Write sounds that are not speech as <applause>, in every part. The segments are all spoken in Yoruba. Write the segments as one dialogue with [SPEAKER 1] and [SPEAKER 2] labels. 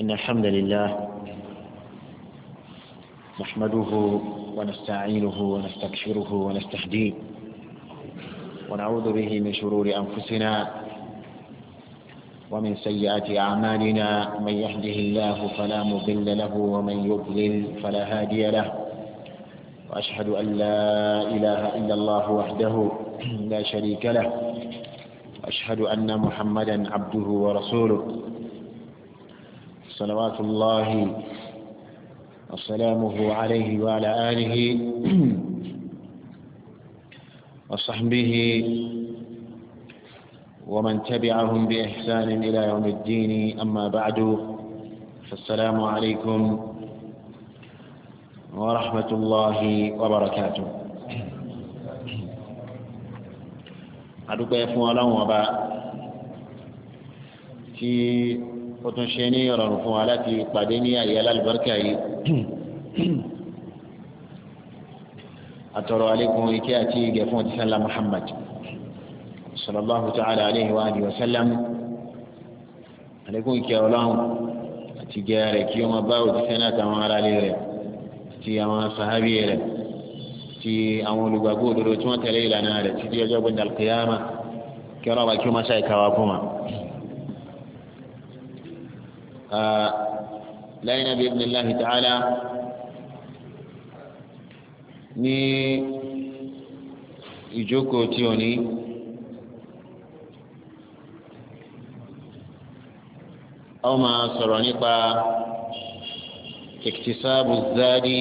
[SPEAKER 1] إن الحمد لله نحمده ونستعينه ونستكشره ونستهديه ونعوذ به من شرور أنفسنا ومن سيئات أعمالنا من يهده الله فلا مضل له ومن يضلل فلا هادي له وأشهد أن لا إله إلا الله وحده لا شريك له أشهد أن محمدا عبده ورسوله صلوات الله وسلامه عليه وعلى آله <clears throat> وصحبه ومن تبعهم بإحسان إلى يوم الدين أما بعد فالسلام عليكم ورحمة الله وبركاته
[SPEAKER 2] أدوك يفو الله وبا
[SPEAKER 1] ó tún ṣe ní ìrọ̀rùn fún wa láti pàdé ní àyè alálùbáríkà yìí àtọ̀rọ̀ àlékún ike àti ìgẹ̀ fún ọtí sálá Muhammad sallallahu ta'ala alayhi wa alihi wa sallam àlékún ike ọlọ́run àti ìgẹ̀ rẹ̀ kí wọ́n bá òtí sẹ́nà àtàwọn aráalé rẹ̀ àti àwọn sàhábì rẹ̀ àti àwọn olùgbàgbọ́ òdodo tí wọ́n tẹ̀lé ìlànà rẹ̀ títí ọjọ́ gbẹ̀dẹ̀ alqiyama kí ọlọ́run bá kí wọ́n máa ṣàìkàwá لنا بإذن الله تعالى ní ìjókòó tí o ní ọ máa sọ̀rọ̀ nípa iktisabu zadi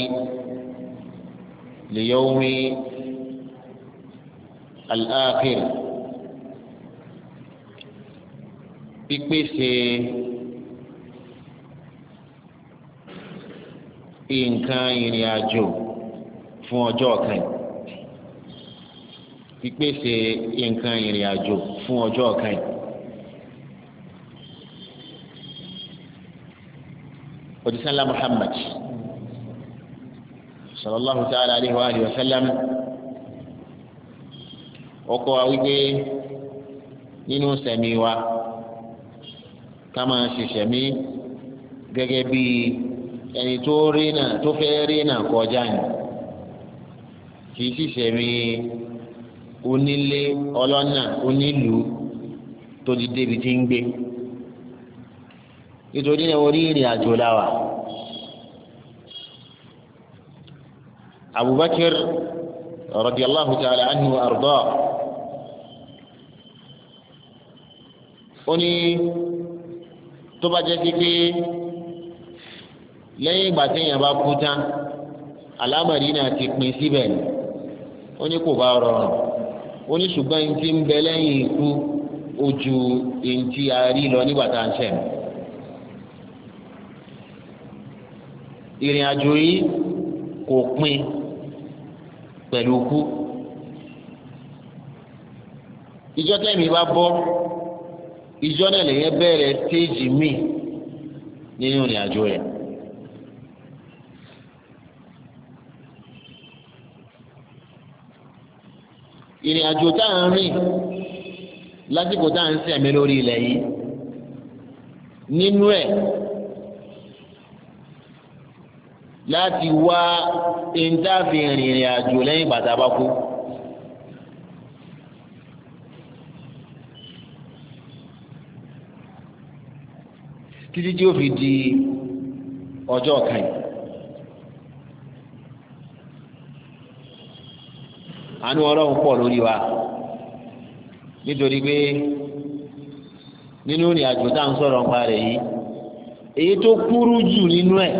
[SPEAKER 1] liyaumi al-akhir pípèsè. nǹkan ìrìn àjò fún ọjọ́ kan ìpèsè nǹkan ìrìn àjò fún ọjọ́ kan òdìsánlá Muhammad sallallahu ta'ala alayhi wa alihi wa sallam ọkọ wa wípé nínú sẹ̀mí wa ká ṣe sẹ̀mí gẹ́gẹ́ bíi ẹni tó rí náà tó fẹ́ rí náà kọjá ni kì í sì sẹ́mi onílé ọlọ́nà onílùú tó ti débi tí ń gbé nítorí náà orí ìrìn àjò láwà. Abu Bakr radiyallahu ta'ala anhu arda ó ní tó bá jẹ́ pé lẹ́yìn ìgbà tí èèyàn bá kú tán alámọ̀rí náà ti pín síbẹ̀ ni ó ní kò bá rọrùn ó ní ṣùgbọ́n ní ti ń bẹ lẹ́yìn ikú ojú èyí tí a rí lọ nígbà tá à ń ṣẹ̀mí. ìrìn àjò yìí kò pin pẹ̀lú ikú ìjọ tẹ́mi bá bọ́ ìjọ náà lèyẹn bẹ̀rẹ̀ stéèjì míì nínú ìrìn àjò yẹn. ìrìn àjò tá à ń rìn lásìkò tá à ń sẹ̀mí lórí ilẹ̀ yìí nínú ẹ̀ láti wá ìńtàfi ìrìn àjò lẹ́yìn bàtà bá kú. títí tí ó fi di ọjọ́ kan yìí. àánú ọlọ́run pọ̀ lórí wa nítorí pé nínú ìrìn àjò tá à ń sọ̀rọ̀ nípa rẹ̀ yìí èyí tó kúrú jù nínú ẹ̀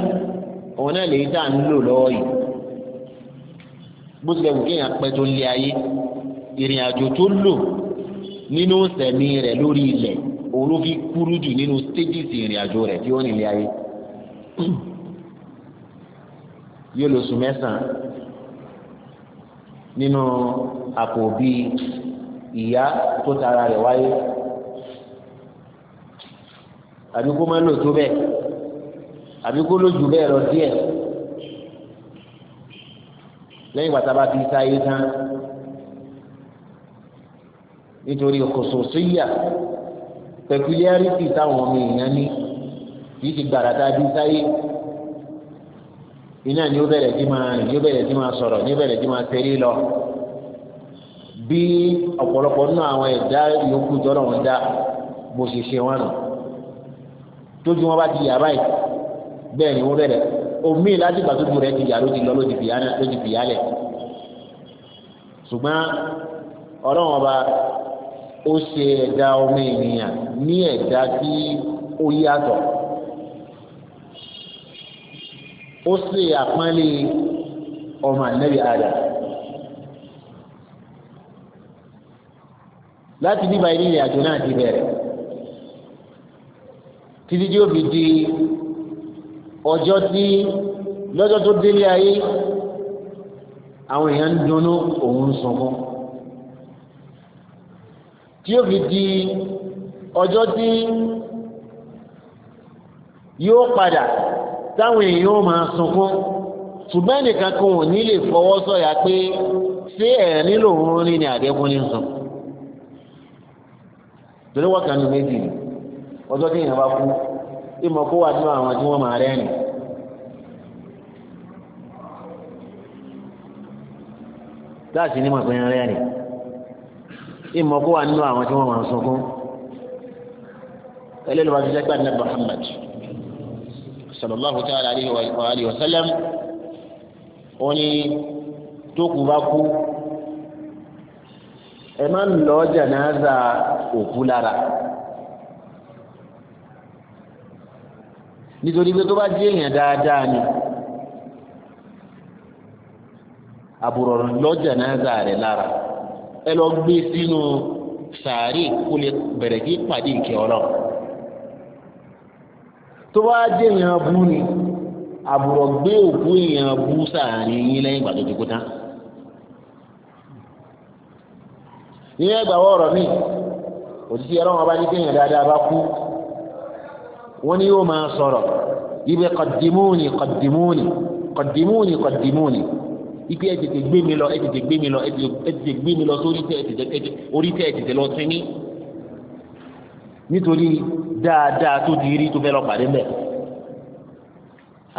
[SPEAKER 1] òun náà lèyí tá à ń lò lọ́wọ́ yìí bó tilẹ̀ wù kéèyàn pẹ́ tó lé ayé ìrìn àjò tó lò nínú sẹ̀mí rẹ̀ lórí ilẹ̀ òun ló fi kúrú jù nínú stages ìrìn rẹ̀ tí ó rìn ayé yóò lò sùn mẹ́sàn-án nínú àpò bíi ìyá tó tara rẹ̀ wáyé àbí kó má lò tó bẹ́ẹ̀ àbí kó lójú bẹ́ẹ̀ lọ díẹ̀ lẹ́yìn ìgbà tá a bá fi sáyé tán nítorí kòsòsíyà pẹ̀kúlíárìtì táwọn ọmọ èèyàn ní kì í ti gbàrà tá a fi sáyé iná ni ó bẹ̀rẹ̀ sí máa rìn ni ó bẹ̀rẹ̀ sí máa sọ̀rọ̀ ni ó bẹ̀rẹ̀ sí máa tẹ̀lé lọ bí ọ̀pọ̀lọpọ̀ nínú àwọn ẹ̀dá yòókù tọ́lọ̀ wọn dá bó ṣe ṣe wọn nù tójú wọn bá ti yà báyìí bẹ́ẹ̀ ni wọ́n bẹ̀rẹ̀ omi láti gbà tójú rẹ̀ ti yà ló ti lọ ló ti fìyálẹ̀ ṣùgbọ́n ọlọ́run ọba ó ṣe ẹ̀dá ọmọ ènìyàn ní ẹ̀dá tí ó yàtọ̀. ó sì àpọ́nlé ọmọ ànábì àdà láti bíbá ilé ìrìn àjò náà ti bẹ̀rẹ̀ títí tí ó fi di ọjọ́ tí
[SPEAKER 2] lọ́jọ́ tó délé ayé
[SPEAKER 1] àwọn èèyàn ń dunnú òun ń sunkún tí ó fi di ọjọ́ tí yóò padà táwọn èèyàn ó máa sunkún ṣùgbọ́n nìkan kan ò ní lè fọwọ́ sọ̀yà pé ṣé ẹ̀ nílò òun rí ni àdẹ́kùn ní sùn torí wọ́n kàn ní méjì ọjọ́ tí èèyàn bá kú ìmọ̀ kó wà nínú àwọn tí wọ́n máa rẹ́rìn. láti ní màpẹ́ rẹ́rìn ìmọ̀ kó wà nínú àwọn tí wọ́n máa sunkún ẹlẹ́lẹ́wàá ti jẹ́ pé Muhammad sallallahu ta'ala alayhi wa sallam ó ní tó kù bá kú ẹ má ń lọ jànáza òkú lára nítorí pé tó bá jẹ́ èèyàn dáadáa ni àbùrọ̀rùn lọ jànáza rẹ̀ lára ẹ lọ gbé sínú sàárè kó lè bẹ̀rẹ̀ kí pàdé tó bá jẹ́ èèyàn bú ni àbùrọ̀ gbé òkú èèyàn bú sàárín yín lẹ́yìn ìgbà tó ti kú tán ìyẹn ẹgbà wọ́ọ̀rọ̀ mi òtítí ẹ̀rọ wọn bá ní kéèyàn dáadáa bá kú wọ́n ní yóò máa sọ̀rọ̀ ibi kọ̀dìmúni kọ̀dìmúni kọ̀dìmúni kọ̀dìmúni ibi ẹ̀ tètè gbé mi lọ ẹ̀ tètè gbé mi lọ ẹ̀ tètè gbé mi lọ sórí tẹ̀ ẹ̀ tètè lọ sí ní nítorí dáadáa tó di rí tó fẹ́ lọ pàdé mbẹ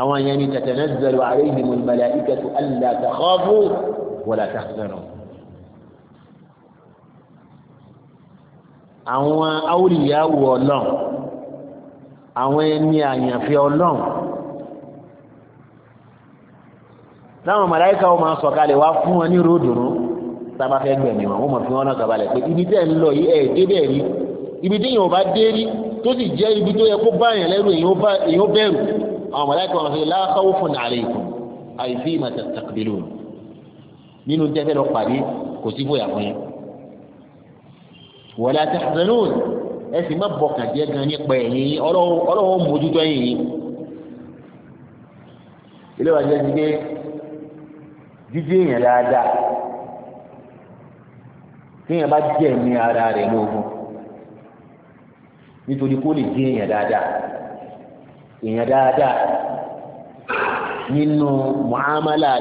[SPEAKER 1] àwọn yẹn ni tatanazzalu alayhim al-malaikatu alla takhafu wala tahzanu. àwọn awòlìyàwó ọlọ́run àwọn ẹni àyànfẹ́ ọlọ́run láwọn màláíkà wọn máa sọ̀kalẹ̀ wá fún wọn ní ròdùnú tá a bá fẹ́ gbẹ̀mí wọn wọn mọ̀ fún wọn náà sọ̀kalẹ̀ pé ibi tẹ́ ń lọ yìí ẹ̀ débẹ̀ rí ibi tí èèyàn bá dé rí tó sì jẹ́ ibi tó yẹ kó bá èèyàn lẹ́rù èèyàn bẹ̀rù àwọn mọ̀láìkà wọn sọ la khawfun alaykum àìsí ma tastakbilun nínú tẹ́fẹ́ lọ pàdé kò sí bóyá fún yín wala tahzanun ẹ sì má bọkàn jẹ́ gan nípa ẹ̀yìn ọlọ́wọ́ mójútó ẹ̀yìn ilé wa jẹ́ ti gbé èèyàn dáadáa tí èèyàn bá jẹ́ ẹ̀mí ara rẹ̀ lóògùn nítorí kó lè di èèyàn dáadáa èèyàn dáadáa nínú muamala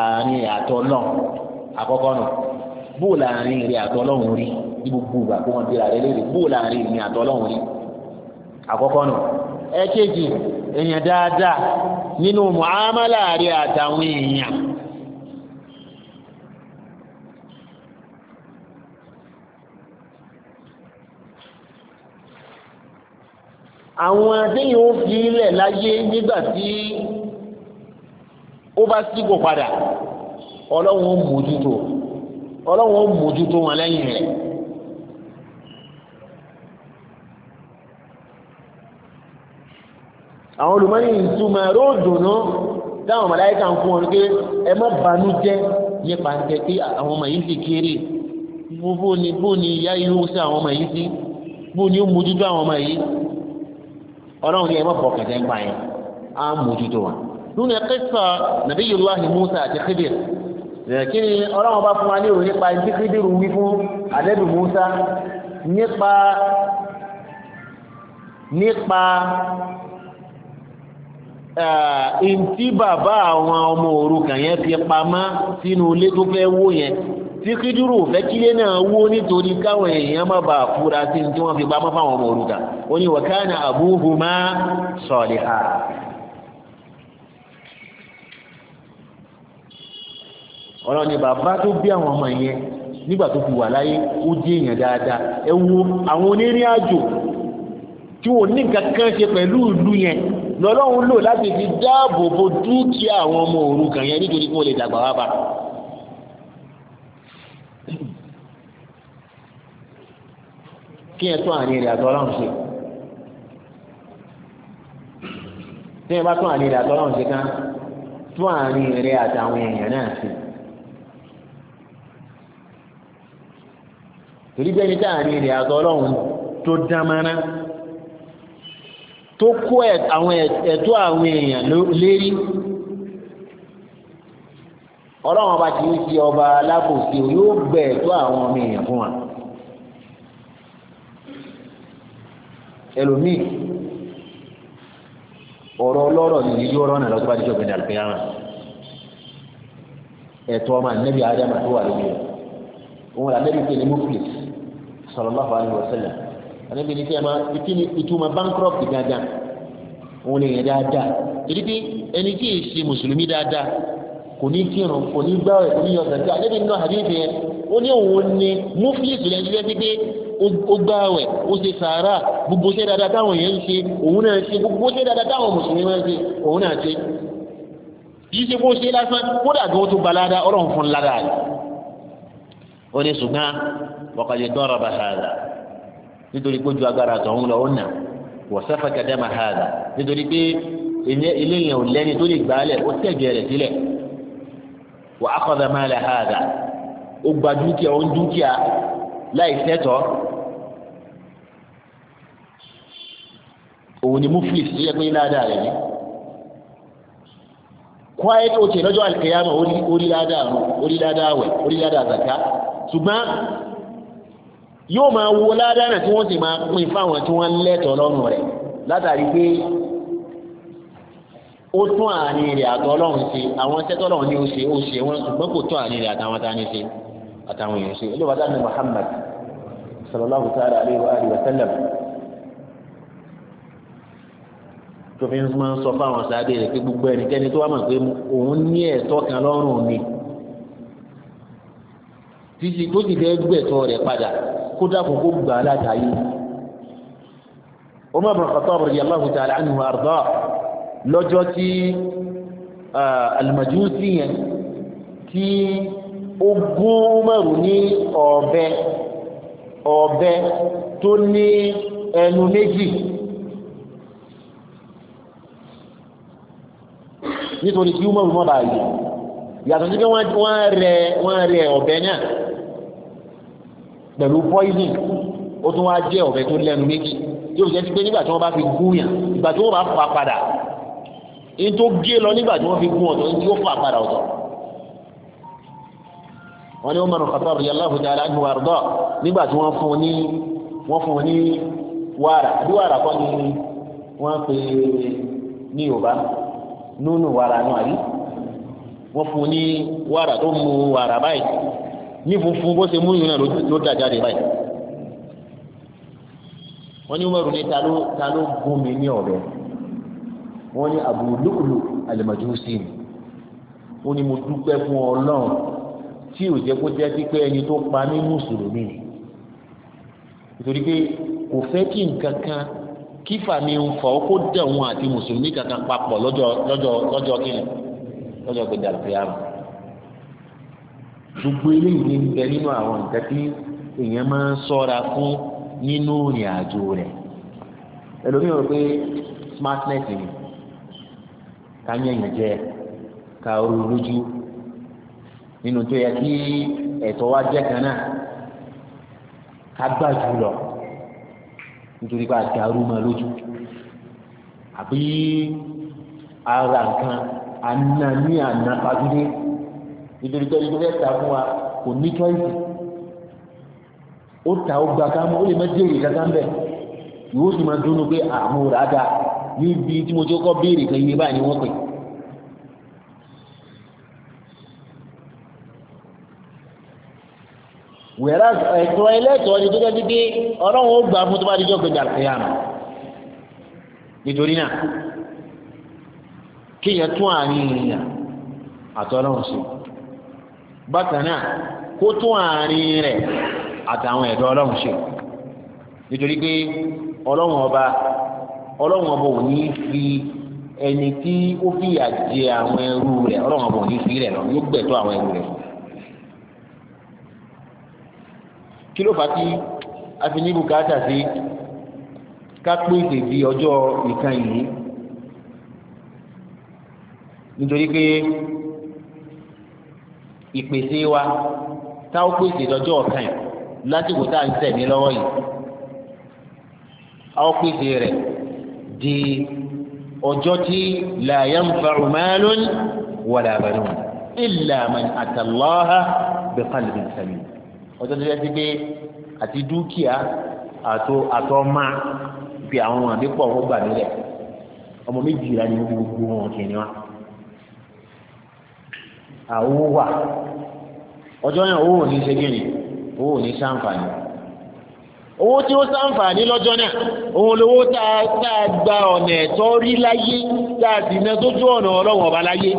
[SPEAKER 1] àárín àtọ náà àkọ́kọ́ nù bó láàrin ìrìn àtọ lọhùn rí ní gbogbo ìgbà kó wọn di ààrẹ léèrè bó láàrin ìrìn àtọ lọhùn rí àkọ́kọ́ nù ẹ̀kejì èèyàn dáadáa nínú muamala àárín àtàwọn èèyàn. àwọn adéyìn ó fi ilẹ̀ láyé nígbà tí ó bá sígbò padà ọlọ́run ó mójútó ọlọ́run ó mójútó wọn lẹ́yìn rẹ̀. àwọn olùmọ́ni ìtumọ̀ róòdù náà dáwọn màláíkà ń fún wọn pé ẹ má banú jẹ́ nípa ń jẹ́ pé àwọn ọmọ yìí ti kéré bó ni ìyá yìí ó sí àwọn ọmọ yìí sí bó ni ó mójútó àwọn ọmọ yìí ọlọ́run ní ẹ má fọkàn jẹ́ gbà yẹn á mójútó wọn. nínú ẹ kẹsà nabiyullahi musa àti khidir kí ni ọlọ́run bá fún wa ní ìròyìn nípa ẹni khidir wí fún ànábì musa nípa nípa ntí bàbá àwọn ọmọ òrukàn yẹn fi pamọ́ sínú ilé tó fẹ́ wó yẹn tí kídúrú fẹ́ kílé náà wó nítorí káwọn èèyàn má bàa fura sí tí wọ́n fi bá mọ́ fáwọn ọmọ òrùka ó ní wa kana abuhuma saliha ọlọ́ni bàbá tó bí àwọn ọmọ yẹn nígbà tó fi wà láyé ó jẹ́ èèyàn dáadáa ẹ wo àwọn onírìn àjò tí wọ́n ní nǹkan kan ṣe pẹ̀lú ìlú yẹn lọ́lọ́run lò láti fi dáàbò bo dúkìá àwọn ọmọ òrukàn yẹn nítorí kí wọ́n lè dàgbà wá bá a. kí ẹ tún àní rẹ̀ àtọ́lọ́run ṣe tí ẹ bá tún àní rẹ̀ àtọ́lọ́run ṣe tán tún àní rẹ̀ àtàwọn èèyàn náà ṣe. torí bẹ́ẹ̀ ni tí àní rẹ̀ àtọ́lọ́run tó dámánà tó kó àwọn ẹ̀tọ́ àwọn èèyàn lérí ọlọ́run ọba tí ó ti ọba alábòsí yóò gbẹ̀ àwọn ọmọ èèyàn fún wa. ẹlòmíì ọ̀rọ̀ ọlọ́rọ̀ ni yíyí ọ̀rọ̀ náà lọ́sọ́bàá díjọ́ gbẹ̀dẹ̀ àlùfẹ́yàmà ẹ̀tọ́ ọmọ ànẹ́bí adama tó wà lórí rẹ̀ òun là nẹ́bí pẹ̀lú muflis sallallahu alaihi wasallam ànẹ́bí ní kẹ́ẹ̀ma ìkíni ìtumọ̀ bankrupt dáadáa òun lè yẹn dáadáa èdè pé ẹni tí èyí ṣe mùsùlùmí dáadáa kò ní kírun kò ní gbáwẹ̀ kò ní yọ ó gbààwẹ̀ ó ṣe sàárà gbogbo ṣe dáadáa táwọn èèyàn ń ṣe òun náà ṣe gbogbo ṣe dáadáa táwọn mùsùlùmí máa ń ṣe òun náà ṣe yìí ṣe kó ṣe lásán kódà gan tó balada ọlọ́run fún ládà rẹ̀ ó ní ṣùgbọ́n wọ́kàlẹ̀ dọ́ra bá hàdà nítorí pé ju agbára tọ̀hún lọ ó nà wọ́n sáfà kàdé má hàdà nítorí pé ilé yẹn ò lẹ́ni tó lè gbàálẹ̀ ó tẹ̀jẹ̀ rẹ̀ sílẹ̀ wọ́n akọ̀dà má lẹ̀ hàdà láì sẹ́tọ̀ òun ni muflis tó yẹ pé ládàá rẹ̀ ni quiet ó tẹ̀ lọ́jọ́ àlùkìyàmọ̀ orí ládàá orí ládàá wẹ̀ orí ládàá zaka ṣùgbọ́n yóò máa wo ládàá náà tí wọ́n sì máa pín fáwọn tí wọ́n lẹ́tọ̀ọ́ lọ́rùn rẹ̀ látàrí pé ó tún àárín rẹ̀ àtọ́ ọlọ́run ṣe àwọn tẹ́tọ́ ọlọ́run ní ó ṣe ó ṣe wọ́n ṣùgbọ́n kò tún àárín rẹ̀ àtàwọn ta ní ṣe àtàwọn èèyàn ṣe olóòwò adáni Muhammad sallallahu ta'ala alayhi wa alihi wa sallam tó fi ń máa ń sọ fáwọn sáadé rẹ̀ pé gbogbo ẹnikẹ́ni tó wà mọ̀ pé òun ní ẹ̀tọ́ kan lọ́rùn ni títí tó ti fẹ́ gbẹ̀tọ́ rẹ̀ padà kó dákun kó gbà á látàyè Umar bin Khattab radiyallahu ta'ala anhu wa lọ́jọ́ tí ah, al yẹn tí ogún mẹ́rù ní ọ̀bẹ ọ̀bẹ tó ní ẹnu méjì nítorí kí mẹ́rù mọ́ báyìí yàtọ̀ sí pé wọ́n rẹ wọ́n rẹ ọ̀bẹ náà pẹ̀lú poison ó tún wá jẹ́ ọ̀bẹ tó lẹ́nu méjì tí ó fi jẹ́ sí pé nígbà tí wọ́n bá fi gún yàn ìgbà tí wọ́n bá fà padà ní tó gé lọ nígbà tí wọ́n fi gún ọ̀tọ̀ ní tí ó fà padà ọ̀tọ̀ wọ́n ní Umar Khattab radiyallahu ta'ala anhu àrùdọ nígbà tí wọ́n fún ní wọ́n fún ní wàrà bí wàrà kọ́ ni wọ́n pè ní Yorùbá nínú wàrà náà rí wọ́n fún ní wàrà tó mú wàrà báyìí ní funfun bó ṣe mú yìí náà ló dájà rè báyìí wọ́n ní Umar ní ta ló ta ló gún mi ní ọ̀bẹ wọ́n ní Abu Lu'lu al-Majusi ni mo dúpẹ́ fún Ọlọ́run. tí ò jẹ́ kó jẹ́ sí pé ẹni tó pa ní mùsùlùmí nítorí pé kò fẹ́ kí nǹkan kan kífà ni ń fọ kó àti mùsùlùmí kankan papọ̀ lọ́jọ́ lọ́jọ́ lọ́jọ́ kíni lọ́jọ́ gbẹdẹ àlùfíàmù gbogbo eléyìí ń bẹ nínú àwọn nǹkan tí èèyàn máa ń fún nínú ìrìn àjò rẹ̀ rò pé smartness ni ká nínú tó yẹ kí ẹ̀tọ́ wa jẹ́ kan náà ká gbà jù lọ nítorí pé àdàrú máa lójú àbí ara nǹkan àna ní àna fagídé nítorí pé ẹni tó fẹ́ ta fún wa kò ní choice ó ta ó gba ká mú ó lè má jèrè kankan bẹ́ẹ̀ ìwọ máa dúró pé àmúra dáa níbi tí mo ti kọ́ béèrè kan iye báyìí ni wọ́n pè é. wẹ̀rẹ́ ẹ̀tọ́ ẹlẹ́tọ́ ni tó dẹ́bi pé ọlọ́run ó gbà fún tó bá dijọ́ pé dàlàyà nù nítorí náà kéèyàn tún àárín èèyàn àtọ́lọ́run sí bákan náà kó tún àárín rẹ̀ àtàwọn ẹ̀dọ́ ọlọ́run ṣe nítorí pé ọlọ́run ọba ọlọ́run ọba ò ní fi ẹni tí ó fìyà jẹ àwọn ẹrú rẹ̀ ọlọ́run ọba ò ní fi rẹ̀ lọ yóò gbẹ̀tọ́ àwọn ẹrú rẹ̀ fún kí ló fà á kí a fi ní bùkátà sí ká pèsè di ọjọ́ nìkan yìí nítorí pé ìpèsè wa táwọn pèsè lọ́jọ́ ọ̀kan yìí lásìkò tá à ń tẹ̀ ní lọ́wọ́ yìí àwọn pèsè rẹ̀ di ọjọ́ tí la yanfa'u malun wala banun illa man atallaha biqalbin salim ọjọ́ tó yẹ sí pé àti dúkìá àtọ àtọmá fi àwọn àdépọ̀ wọn gbà nílẹ̀ ọmọ méjì ra ni wọ́n fi gbogbo wọn kìíní wa àwọn wà ọjọ́ yẹn owó ò ní ṣe kíni owó ò ní ṣàǹfààní owó tí ó ṣàǹfààní lọ́jọ́ náà òun lówó tá a gba ọ̀nà ẹ̀tọ́ rí láyé tá a sì ná sójú ọ̀nà ọlọ́wọ̀n ọba láyé.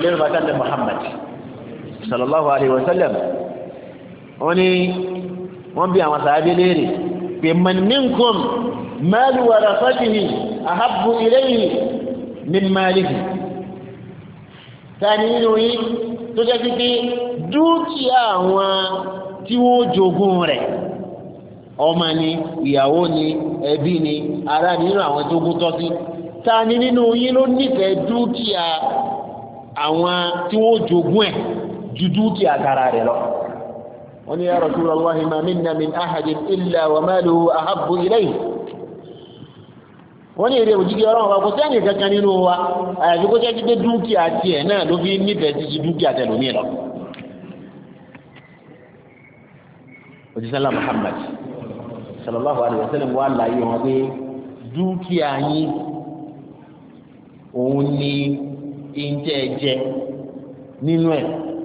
[SPEAKER 1] lẹ́nu bàtà ní Muhammad sallallahu alaihi wasallam wọ́n ní wọ́n bí àwọn sàábé léèrè pé man minkum malu warasatihi ahabbu ilayhi min malihi tani nínú yìí tó jẹ́ sí pé dúkìá àwọn tí wọ́n jogún rẹ̀ ọmọ ni ìyàwó ni ẹbí ni ará nínú àwọn tó gún tọ́ sí tani nínú yìí ló nífẹ̀ẹ́ dúkìá àwọn tí wọ́n jogún ẹ̀ ju dúkìá tara rẹ̀ lọ wọ́n ní ya Rasulullah ma minna min ahadin illa wa maluhu ahabbu ilayhi wọ́n ní èrè òjìgì ọlọ́run wa kò sẹ́yìn kankan nínú wa àyàfi kó sẹ́yìn pé dúkìá tiẹ̀ náà ló fi nífẹ̀ẹ́ títí dúkìá tẹ̀lómi lọ. òjísàlá Muhammad sallallahu alayhi wa wa láàyè wọn pé dúkìá yín òun ni ìjẹ́jẹ́ nínú ẹ̀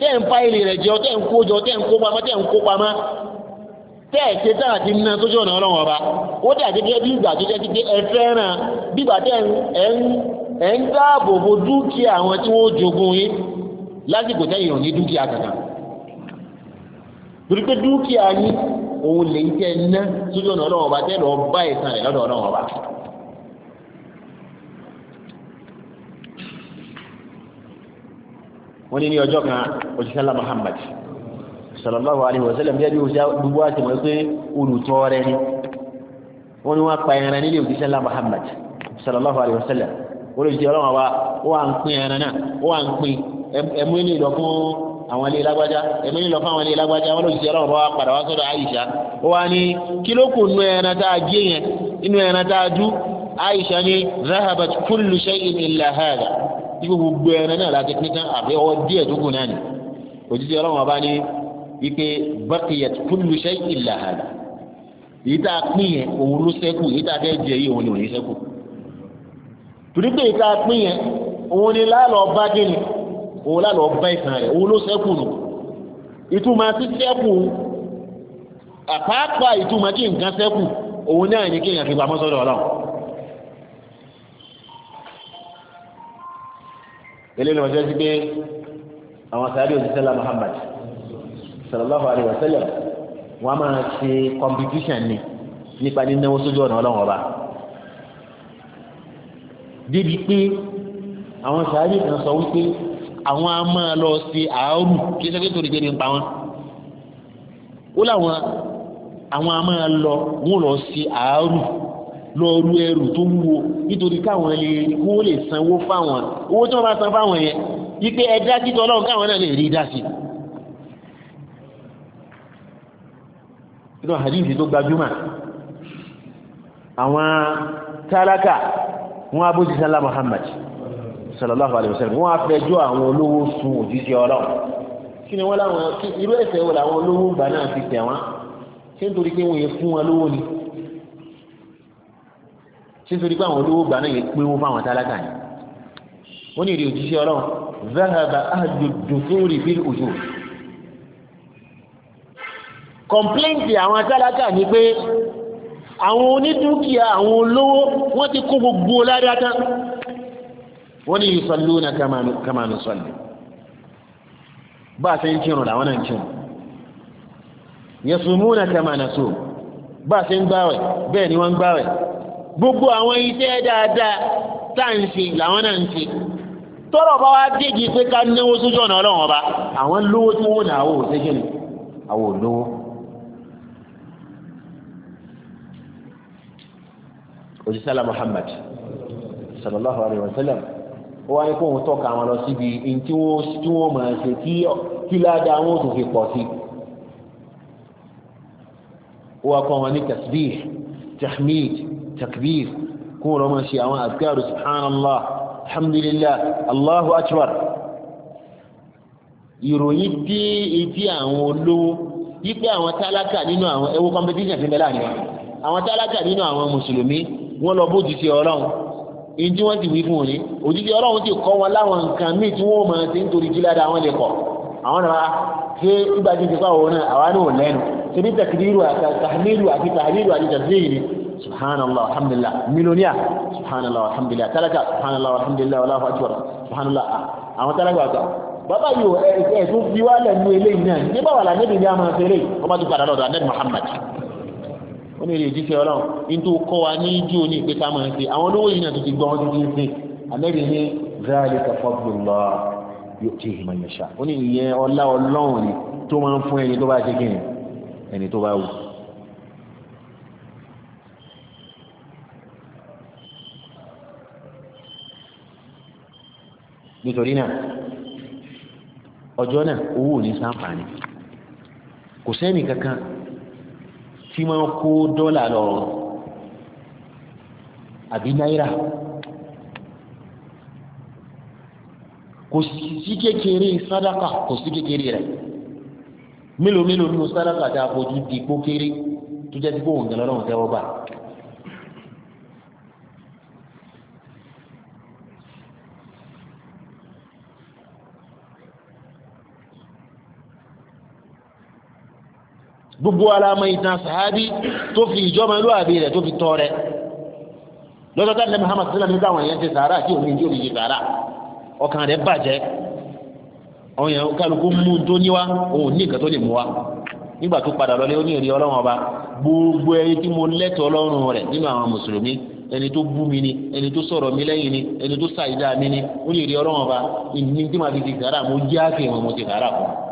[SPEAKER 1] tẹ́ ń fa èrè rẹ̀ jẹ́ tẹ́ ń kó jọ tẹ́ ń kó pamọ́ tẹ́ ń kó pamọ́ tẹ́ ẹ̀ ṣe tára ti ọba ó dà gẹ́gẹ́ bí ìgbà tó jẹ́ ti pé ẹ fẹ́ràn bígbà tẹ́ ẹ ń dáàbò bo dúkìá àwọn tí wọ́n jogún yín lásìkò tẹ́ ìrọ̀ ní dúkìá kankan torí pé dúkìá yín òun lè ná sójú ọ̀nà ọlọ́run ọba tẹ́ lọ wọ́n ní ní ọjọ́ kan òṣìṣẹ́lá Muhammad sallallahu alaihi wasallam jẹ́ bí gbogbo àti mọ̀ pé olùtọ́ rẹ ni wọ́n ní wọ́n pa ẹran nílé òṣìṣẹ́lá Muhammad sallallahu alaihi wasallam olùsí ọlọ́run àwa ó wà ń pín ẹran náà ó wà ń pín ẹmú ilé ìlọ fún àwọn ilé lágbájá ẹmú ilé ìlọ fún àwọn ilé lágbájá wọn olùsí ọlọ́run padà wá sọ́dọ̀ Àìṣà ó wà ní kí nínú ẹran tá a gé yẹn ibi gbogbo ẹran náà láti pín tán àbí ọwọ́ díẹ̀ tó kù náà ni òjijì ọlọ́run ọba ní wípé baqiyat kullu shay'in illa hada èyí tá a pín yẹn òun ló ṣẹ́kù èyí tá a fẹ́ jẹ yìí òun ni òun ní ṣẹ́kù torí pé èyí tá a pín yẹn òun ni lálọ́ bá gẹ́ni òun lálọ́ bá ìtàn rẹ̀ òun ló ṣẹ́kù nù ìtumọ̀ sí ṣẹ́kù àpáàpá ìtumọ̀ kí nǹkan ṣẹ́kù òun náà ní kí èèyàn fi pamọ́ sọ́dọ̀ ọlọ́run eléyìí lọ́wọ́ jẹ́ sí pé àwọn sàárì òjíṣẹ́ la Muhammad sallallahu alayhi wa sallam wọ́n á máa ṣe competition ni nípa nínáwó sójú ọ̀nà ọlọ́run ọba débi pé àwọn sàárì kan sọ wípé àwọn á máa lọ ṣe àárù kí sẹ́kẹ́ tó dìgbé ní pa wọn ó láwọn àwọn á máa lọ wọn lọ ṣe àárù lọ rú ẹrù tó wúwo nítorí káwọn lè kó lè sanwó fáwọn owó tí wọ́n bá san fáwọn yẹn wípé ẹ̀dá títọ́ ọlọ́run káwọn náà lè rí dá sí nínú hadithi tó gbajúmọ̀ àwọn tálákà wọn abúti sálá Muhammad sallallahu alaihi wasallam wọn afẹjọ́ àwọn olówó sun òjíṣẹ́ ọlọ́run kí ni wọ́n láwọn irú ẹ̀ṣẹ̀ wọ́n làwọn olówó ń bà náà ti tẹ̀ wọ́n ṣé nítorí pé wọ́n yẹ fún wọn lówó ni sítorí pé àwọn olówó gbà náà yẹ pé owó fáwọn tálákà yẹn wọ́n ní èrè òjíṣẹ́ ọlọ́run zahaba adudu fúnri bí òjò kọ̀mpléǹtì àwọn tálákà ni pé àwọn onídúkìá àwọn olówó wọ́n ti kó gbogbo ládàá tán wọ́n ní yusalluna kama nusalli bá a ṣe ń kírun làwọn náà ń kírun yasumuna kama nasum bá a ṣe ń gbáwẹ̀ bẹ́ẹ̀ ni wọ́n ń gbáwẹ̀ gbogbo àwọn iṣẹ́ dáadáa tá à ń ṣe làwọn náà ń ṣe tọ́rọ̀ bá wá déjì pé ká náwó sójú ọ̀nà ọlọ́run ọba àwọn lówó tí wọ́n náà wò ṣe jẹ́nu àwọn olówó. òjísàlá Muhammad sallallahu alayhi wa sallam ó wá ní kó òun tọ́ka àwọn lọ síbi tí wọ́n máa ṣe kí ládàá wọn ò fi pọ̀ sí i ó wá kọ́ wọn ní tasbih tahmid takbir kó wọ́n máa ṣe àwọn azkaru subhanallah alhamdulillah allahu akbar ìròyìn tí etí àwọn olówó wípé àwọn tálákà nínú àwọn ẹwọ́ competition ti bẹ́lá ni àwọn tálákà nínú àwọn mùsùlùmí wọ́n lọ bójú sí ọlọ́run ìdí wọ́n ti wí fún òní òjijì ọlọ́run ti kọ́ wọn láwọn nǹkan míì tí wọ́n máa ti ń jí ládàá wọn lè kọ̀ àwọn náà ṣe ìgbà tí ti fáwọn náà àwa náà lẹ́nu ṣe ní tàkìlírù àti tàhílírù àti tàhílírù àti tàhílírù subhanallah alhamdulillah milonia subhanallah alhamdulillah tálákà subhanallah alhamdulillah wallahu akbar subhanallah ah, àwọn tálákà àtà bàbá yóò ẹ̀sùn fi wá lẹ́nu eléyìí náà nígbà wà lánàbì ní àmà fèrè ọmọ tó padà lọ́dọ̀ anẹ́bì Muhammad ó ní èrè ìjíṣẹ́ ọlọ́run ní tó kọ́ wa ní ijó ní ìpè ká máa ń ṣe àwọn olówó yìí náà tó ti gbọ́ wọn tó ti ń sìn anẹ́bì ní zalika fadlullah yu'tihi man yasha ó ní ìyẹn ọlá ọlọ́run ni tó máa ń fún ẹni tó bá ṣe kí ni ẹni tó bá wù nítorí náà ọjọ́ náà owó ò ní sáǹfààní kò sẹ́ni kankan tí máa ń kó dọ́là lọ àbí náírà kò sí kékeré sádàkà kò sí kékeré rẹ̀ mélòó mélòó nínú sádàkà tá a fojú di kó kéré tó jẹ́ dípò òǹgẹ̀ lọ́rọ̀ òǹgẹ̀ ọba gbogbo alamọ ìtàn sàábí tó fi ìjọba ìlú àbí rẹ̀ tó fi tọ́ rẹ̀ lọ́tọ́tà ní Muhammad sílẹ̀ nígbà àwọn èèyàn ti sàárà tí òun ìjọ òyìnbó sàárà ọkàn rẹ̀ bàjẹ́ àwọn èèyàn kálukú mú tó níwá òun ní nǹkan tó lè mú wá nígbà tó padà lọlé ó ní èrè ọlọ́run ọba gbogbo ẹni tí mo lẹ́tọ̀ọ́ ọlọ́run rẹ̀ nínú àwọn mùsùlùmí ẹni tó bú mi ni ẹni tó sọ̀rọ̀ mi lẹ́yìn ni ẹni tó ṣàìdá mi ni ó ní ọba ìní tí màá fi ti sàárà mo jẹ́ àfihàn mo ti sàárà fún un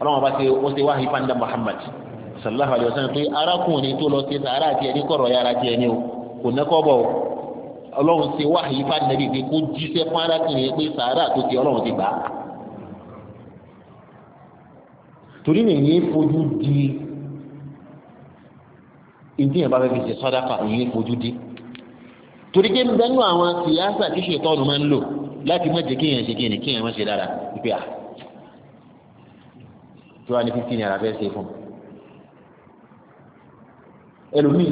[SPEAKER 1] ọlọ́run bá ti ó ṣe wáhí pàǹdà Muhammad sallallahu alayhi wa sallam pé arákùnrin tó lọ sí sàárà àti ẹni kọ̀rọ̀ yára ti ẹni o kò nẹ́kọ́ bọ̀ o ọlọ́run ṣe wáhí pàǹdà bíi pé kó jíṣẹ́ fún arákùnrin pé sàárà tó ti ọlọ́run ti gbà á torí nìyí fojú di ìdí yẹn bá fẹ́ fi ṣe sàdákà ìyẹn fojú di torí pé bẹ́ẹ̀ nù àwọn kìyàsà tí ṣètọ́nù máa ń lò láti má jẹ́ kéèyàn ṣe kéèyàn kéèyàn ṣe dára ìpè à tí wàá ní fifteen naira fẹ́ ṣe fún ẹlòmíì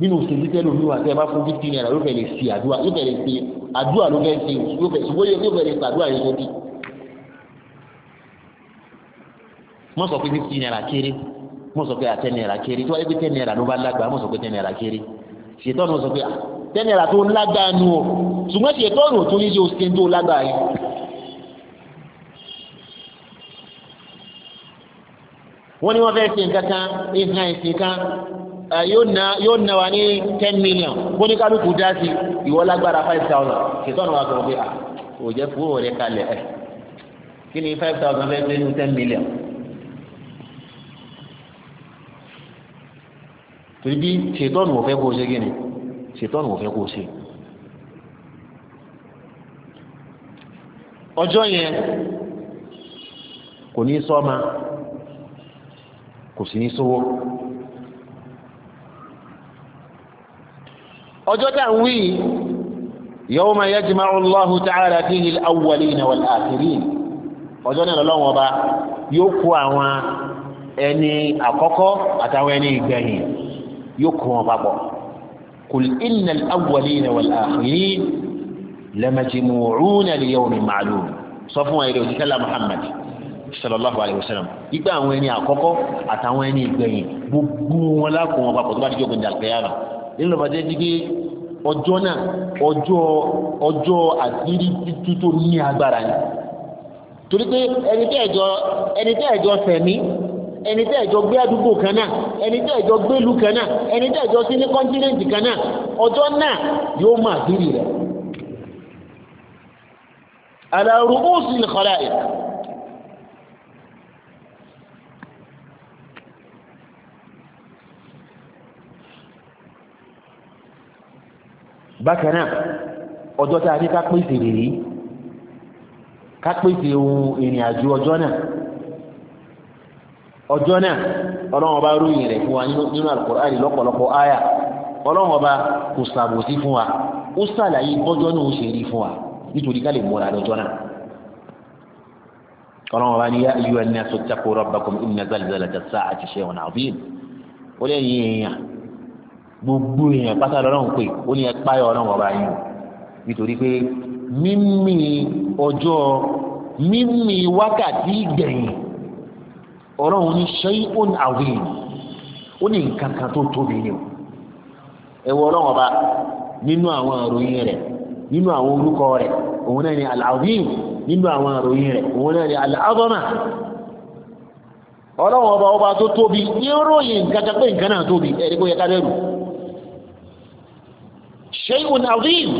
[SPEAKER 1] nínú òṣèlú tẹ lómi wà tẹ ẹ bá fún fifteen naira yóò fẹ́ lè ṣe àdúrà yóò fẹ́ lè ṣe àdúrà ló fẹ́ ṣe yóò fẹ́ ṣùgbọ́n yóò fẹ́ lè ṣe àdúrà yóò tóbi mọ sọ pé fifteen naira kéré mọ sọ pé ten naira kéré tí wàá yẹ pé ten naira ló bá lágbàá mọ sọ pé ten naira kéré ṣètọ́ ni wọ́n sọ pé ten naira tó ń lágbàá nu ṣùgbọ́n ṣètọ́ ni ní ṣe oṣù tó lágbàá yẹn. wọ́n ní wọ́n fẹ́ ṣe nǹkan kan ìhàn ìsìn kan yóò ná wa ní ten million bó ní kálukú dá sí ìwọ five thousand ṣètò ọ̀nà wa sọ̀rọ̀ pé à ò jẹ́ fún òwò rẹ̀ kalẹ̀ ẹ̀ kí ni five thousand fẹ́ gbé ní ten million. torí bí ṣètò ọ̀nà òfẹ́ kó o ṣe kí ni ṣètò òfẹ́ kó ṣe. ọjọ́ yẹn kò ní sọ́ọ́ ma kò sí ní sówó ọjọ́ tá ń wí yawma yajma'u Allahu ta'ala fihi al-awwalina wal-akhirin ọjọ́ náà lọ́wọ́ ọba yóò kó àwọn ẹni àkọ́kọ́ àtàwọn ẹni ìgbẹ̀yìn yóò kó wọn papọ̀ kul innal awwalina wal-akhirin lamajmu'una li yawmin ma'lum sọ fún wa ilé òjìkálà Muhammad sallallahu alayhi wa sallam ìgbà àwọn ẹni àkọ́kọ́ àtàwọn ẹni ìgbẹ̀yìn gbogbo wọn lákò wọn papọ̀ tó bá dijọ́ gbẹ̀dẹ̀ àlùkẹ́yàmà nínú bàtà dídí ọjọ́ náà ọjọ́ ọjọ́ àdírí títí tó ní agbára ni torí pé ẹni tẹ́ ẹ̀jọ́ ẹni tẹ́ ẹ̀jọ́ sẹ̀mí ẹni tẹ́ ẹ̀jọ́ gbé àdúgbò kan náà ẹni tẹ́ ẹ̀jọ́ gbé kan náà ẹni tẹ́ ẹ̀jọ́ sí ní kọ́ńtínẹ́ǹtì kan náà ọjọ́ náà yóò máa dírì rẹ̀. ala ru'usil khala'iq bákan náà ọjọ́ tá a ní ká pèsè rèé ká pèsè ohun ìrìn àjò ọjọ́ náà ọjọ́ náà ọlọ́run ọba ròyìn rẹ̀ fún wa nínú Al-Qur'ani lọ́pọ̀lọpọ̀ àyà ọlọ́run ọba kò ṣàbòsí fún wa ó ṣàlàyé bọ́jọ́ náà ó ṣe rí fún wa nítorí ká lè múra lọ́jọ́ náà ọlọ́run ọba ní yá ayyuhan nasu ttaqu rabbakum inna zalzalata as-sa'ati shay'un 'azim ó lẹ́yìn èèyàn gbogbo èèyàn pátá lọ́rùn pé ó ní ẹpá ọlọ́run ọba yín nítorí pé mímì ọjọ́ mímì wákàtí gbẹ̀yìn ọlọ́run ní shay'un azim ó ní nǹkan kan tó tóbi ni o ẹ ọlọ́run ọba nínú àwọn àròyìn nínú àwọn orúkọ òun náà ni al nínú àwọn àròyìn òun náà ọlọ́run ọba ọba tó tóbi ní ròyìn nǹkan kan pé nǹkan náà tóbi شيء عظيم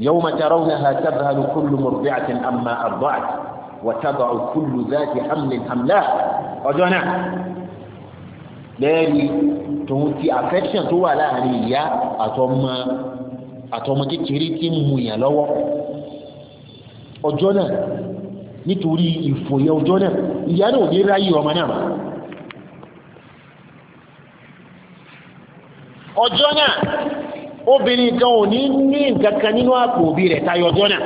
[SPEAKER 1] يوم ترونها تذهل كل مرضعة أما أرضعت وتضع كل ذات حمل حملاء أجونا لذلك تموتي أفكشن هو لا هنية أتوم أتوم تتريكي مميا لو أجونا نتوري إفوية أجونا يانو نرأي ومنام أجونا
[SPEAKER 2] أجونا
[SPEAKER 1] obìnrin kan ò ní ní nǹkan kan nínú àpò òbí rẹ̀ tayọ jọ́nà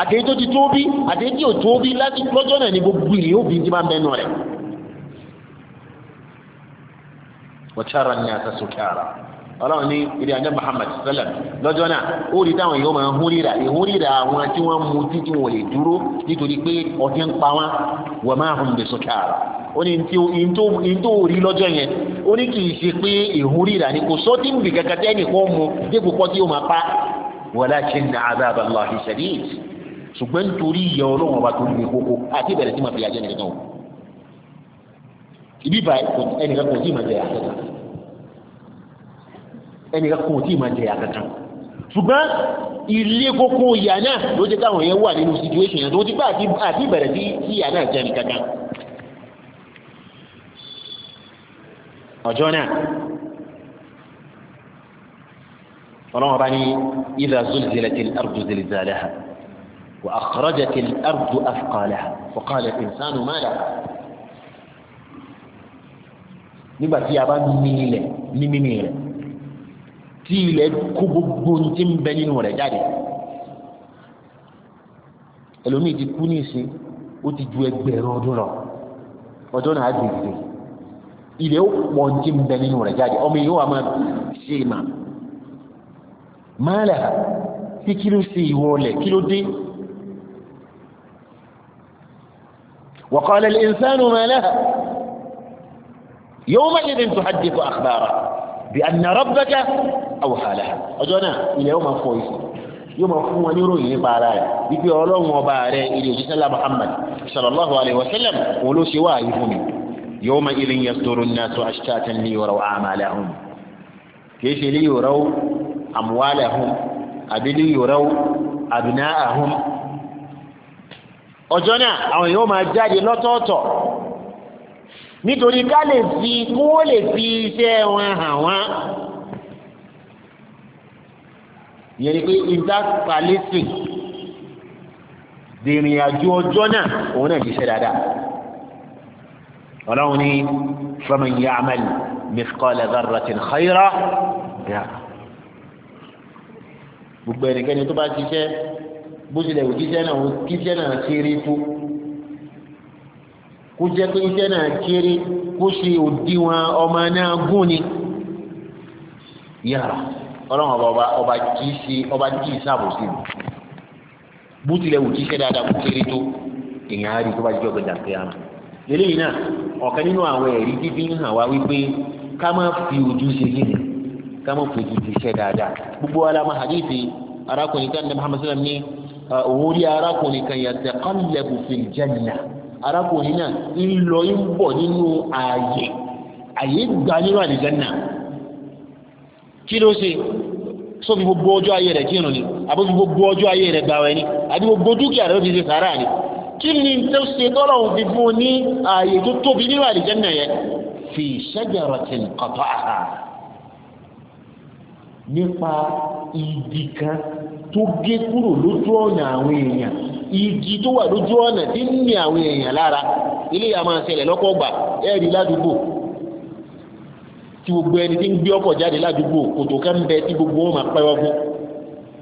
[SPEAKER 1] àtẹ̀yí tó ti tó bí àtẹ̀yí tí ò tó bí láti lọ́jọ́ náà ni gbogbo ìyẹn obìnrin ti máa ń bẹnu rẹ̀. wàtsára ni àtàsókàrà ọlọ́run ní ilé ajá Muhammad sallam lọ́jọ́ náà ó rí táwọn èèyàn máa ń hún rírà ìhún rírà àwọn tí wọ́n mu títí wọn lè dúró nítorí pé ọtí ń pa wọn wọ́n máa hùn bẹ̀ sókàrà ó ní ní tó rí lọ́jọ́ yẹn ó ní kì í ṣe pé ìhúrí ìlànà kò sọ tí ń bì kankan tẹ́ ẹnì kan mu dípò kọ́ tí ó máa pa walakinna azaballahi shadid ṣùgbọ́n nítorí ìyà ọlọ́run ọba tó le koko àti ìbẹ̀rẹ̀ tí màá fi àjẹ́ nìkan o ibi bá ẹnìkan kò tí ì máa jẹ àkàtà ẹnìkan kò tí ì máa jẹ àkàtà ṣùgbọ́n ilé koko ìyà náà ló jẹ́ káwọn yẹn wà nínú situation yẹn tó ti bá àti ìbẹ̀rẹ̀ tí ìyà náà jẹ́ nìkan kan. ọjọ́ náà ọlọ́wọ́n bá ní idha zulzilatil ardu zilzalaha wa akhrajatil ardu athqalaha wa qala al-insanu ma laha nígbà tí a bá mì ilẹ̀ ní mímì rẹ̀ tí ilẹ̀ kó gbogbo ti ń bẹ nínú rẹ̀ jáde ẹlòmíì ti kú ní ìsìn ó ti ju ẹgbẹ̀rún ọdún lọ ọjọ́ náà á dùn ilé ó pọ̀ tí ń bẹ nínú rẹ̀ jáde ọmọ yìí wà máa ṣe mà máàlà tí kí ló ṣe ìwọ ọlẹ̀ kí ló dé وقال الإنسان ما لها يومئذ تحدث أخبارها بأن ربك أوحى لها أجونا إلى يوم فويسي yóò máa fún wọn níròyìn nípa ara rẹ̀ wípé ọlọ́run ọba rẹ̀ ilé òjíṣẹ́lá Muhammad sallallahu alayhi wa sallam òun ló ṣe wáyé fún mi يومئذ يصدر الناس أشتاتا ليروا أعمالهم كيش ليروا أموالهم أبي ليروا أبناءهم ọjọ́ náà àwọn èèyàn máa jáde lọ́tọ̀ọ̀tọ̀ nítorí ká lè fi kí wọ́n lè fi iṣẹ́ wọn hàn wọ́n ìyẹn ni pé interpalating dìrìn ọjọ́ náà òun náà fi ṣe dáadáa ọlọ́run ní faman ya'mal mithqala dharratin khayra yá gbogbo ẹnikẹ́ni tó bá ṣiṣẹ́ bó tilẹ̀ wò kíṣẹ́ náà kíṣẹ́ náà kéré tó kó jẹ́ pé iṣẹ́ náà kéré kó ṣe òdiwọ̀n ọmọ náà gùn ni yàrá ọlọ́run ọba ọba kì í ṣe ọba kì í ṣàbòsí mi bó wò kíṣẹ́ dáadáa kó kéré tó èèyàn á rí tó bá jẹ́ ọ̀gbẹ́dàgbé àná eléyìí náà ọ̀kan nínú àwọn ẹ̀rí bíbí ń hàn wá wípé ká má fi ojú ṣe gíga ká má fi ojú ti ṣe dáadáa gbogbo alama hadithi arákùnrin kan ní Muhammad sallam ní òun rí arákùnrin kan yataqallabu fil janna arákùnrin náà ń lọ ń bọ̀ nínú ààyè ààyè gbà nínú àlìjánà kí ló ṣe so fi gbogbo ọjọ́ ayé rẹ̀ kírun ni àbí fi gbogbo ọjọ́ ayé rẹ̀ gbàwẹ̀ ni àbí gbogbo dúkìá rẹ̀ ó fi ṣe sàárà ni kí ni tó ṣe tọ́lọ́hún fi fún un ní ààyè tó tóbi nínú àlìjẹ́nà yẹn fi shajaratin qata'aha nípa igi kan tó gé kúrò lójú ọ̀nà àwọn èèyàn igi tó wà lójú ọ̀nà tí ń ní àwọn èèyàn lára ilé yà máa ṣẹlẹ̀ lọ́pọ̀ gbà ẹ̀rí ládùúgbò tí gbogbo ẹni tí ń gbé ọkọ̀ jáde ládùúgbò kòtò kan bẹ tí gbogbo wọn máa pẹ́ wọ́n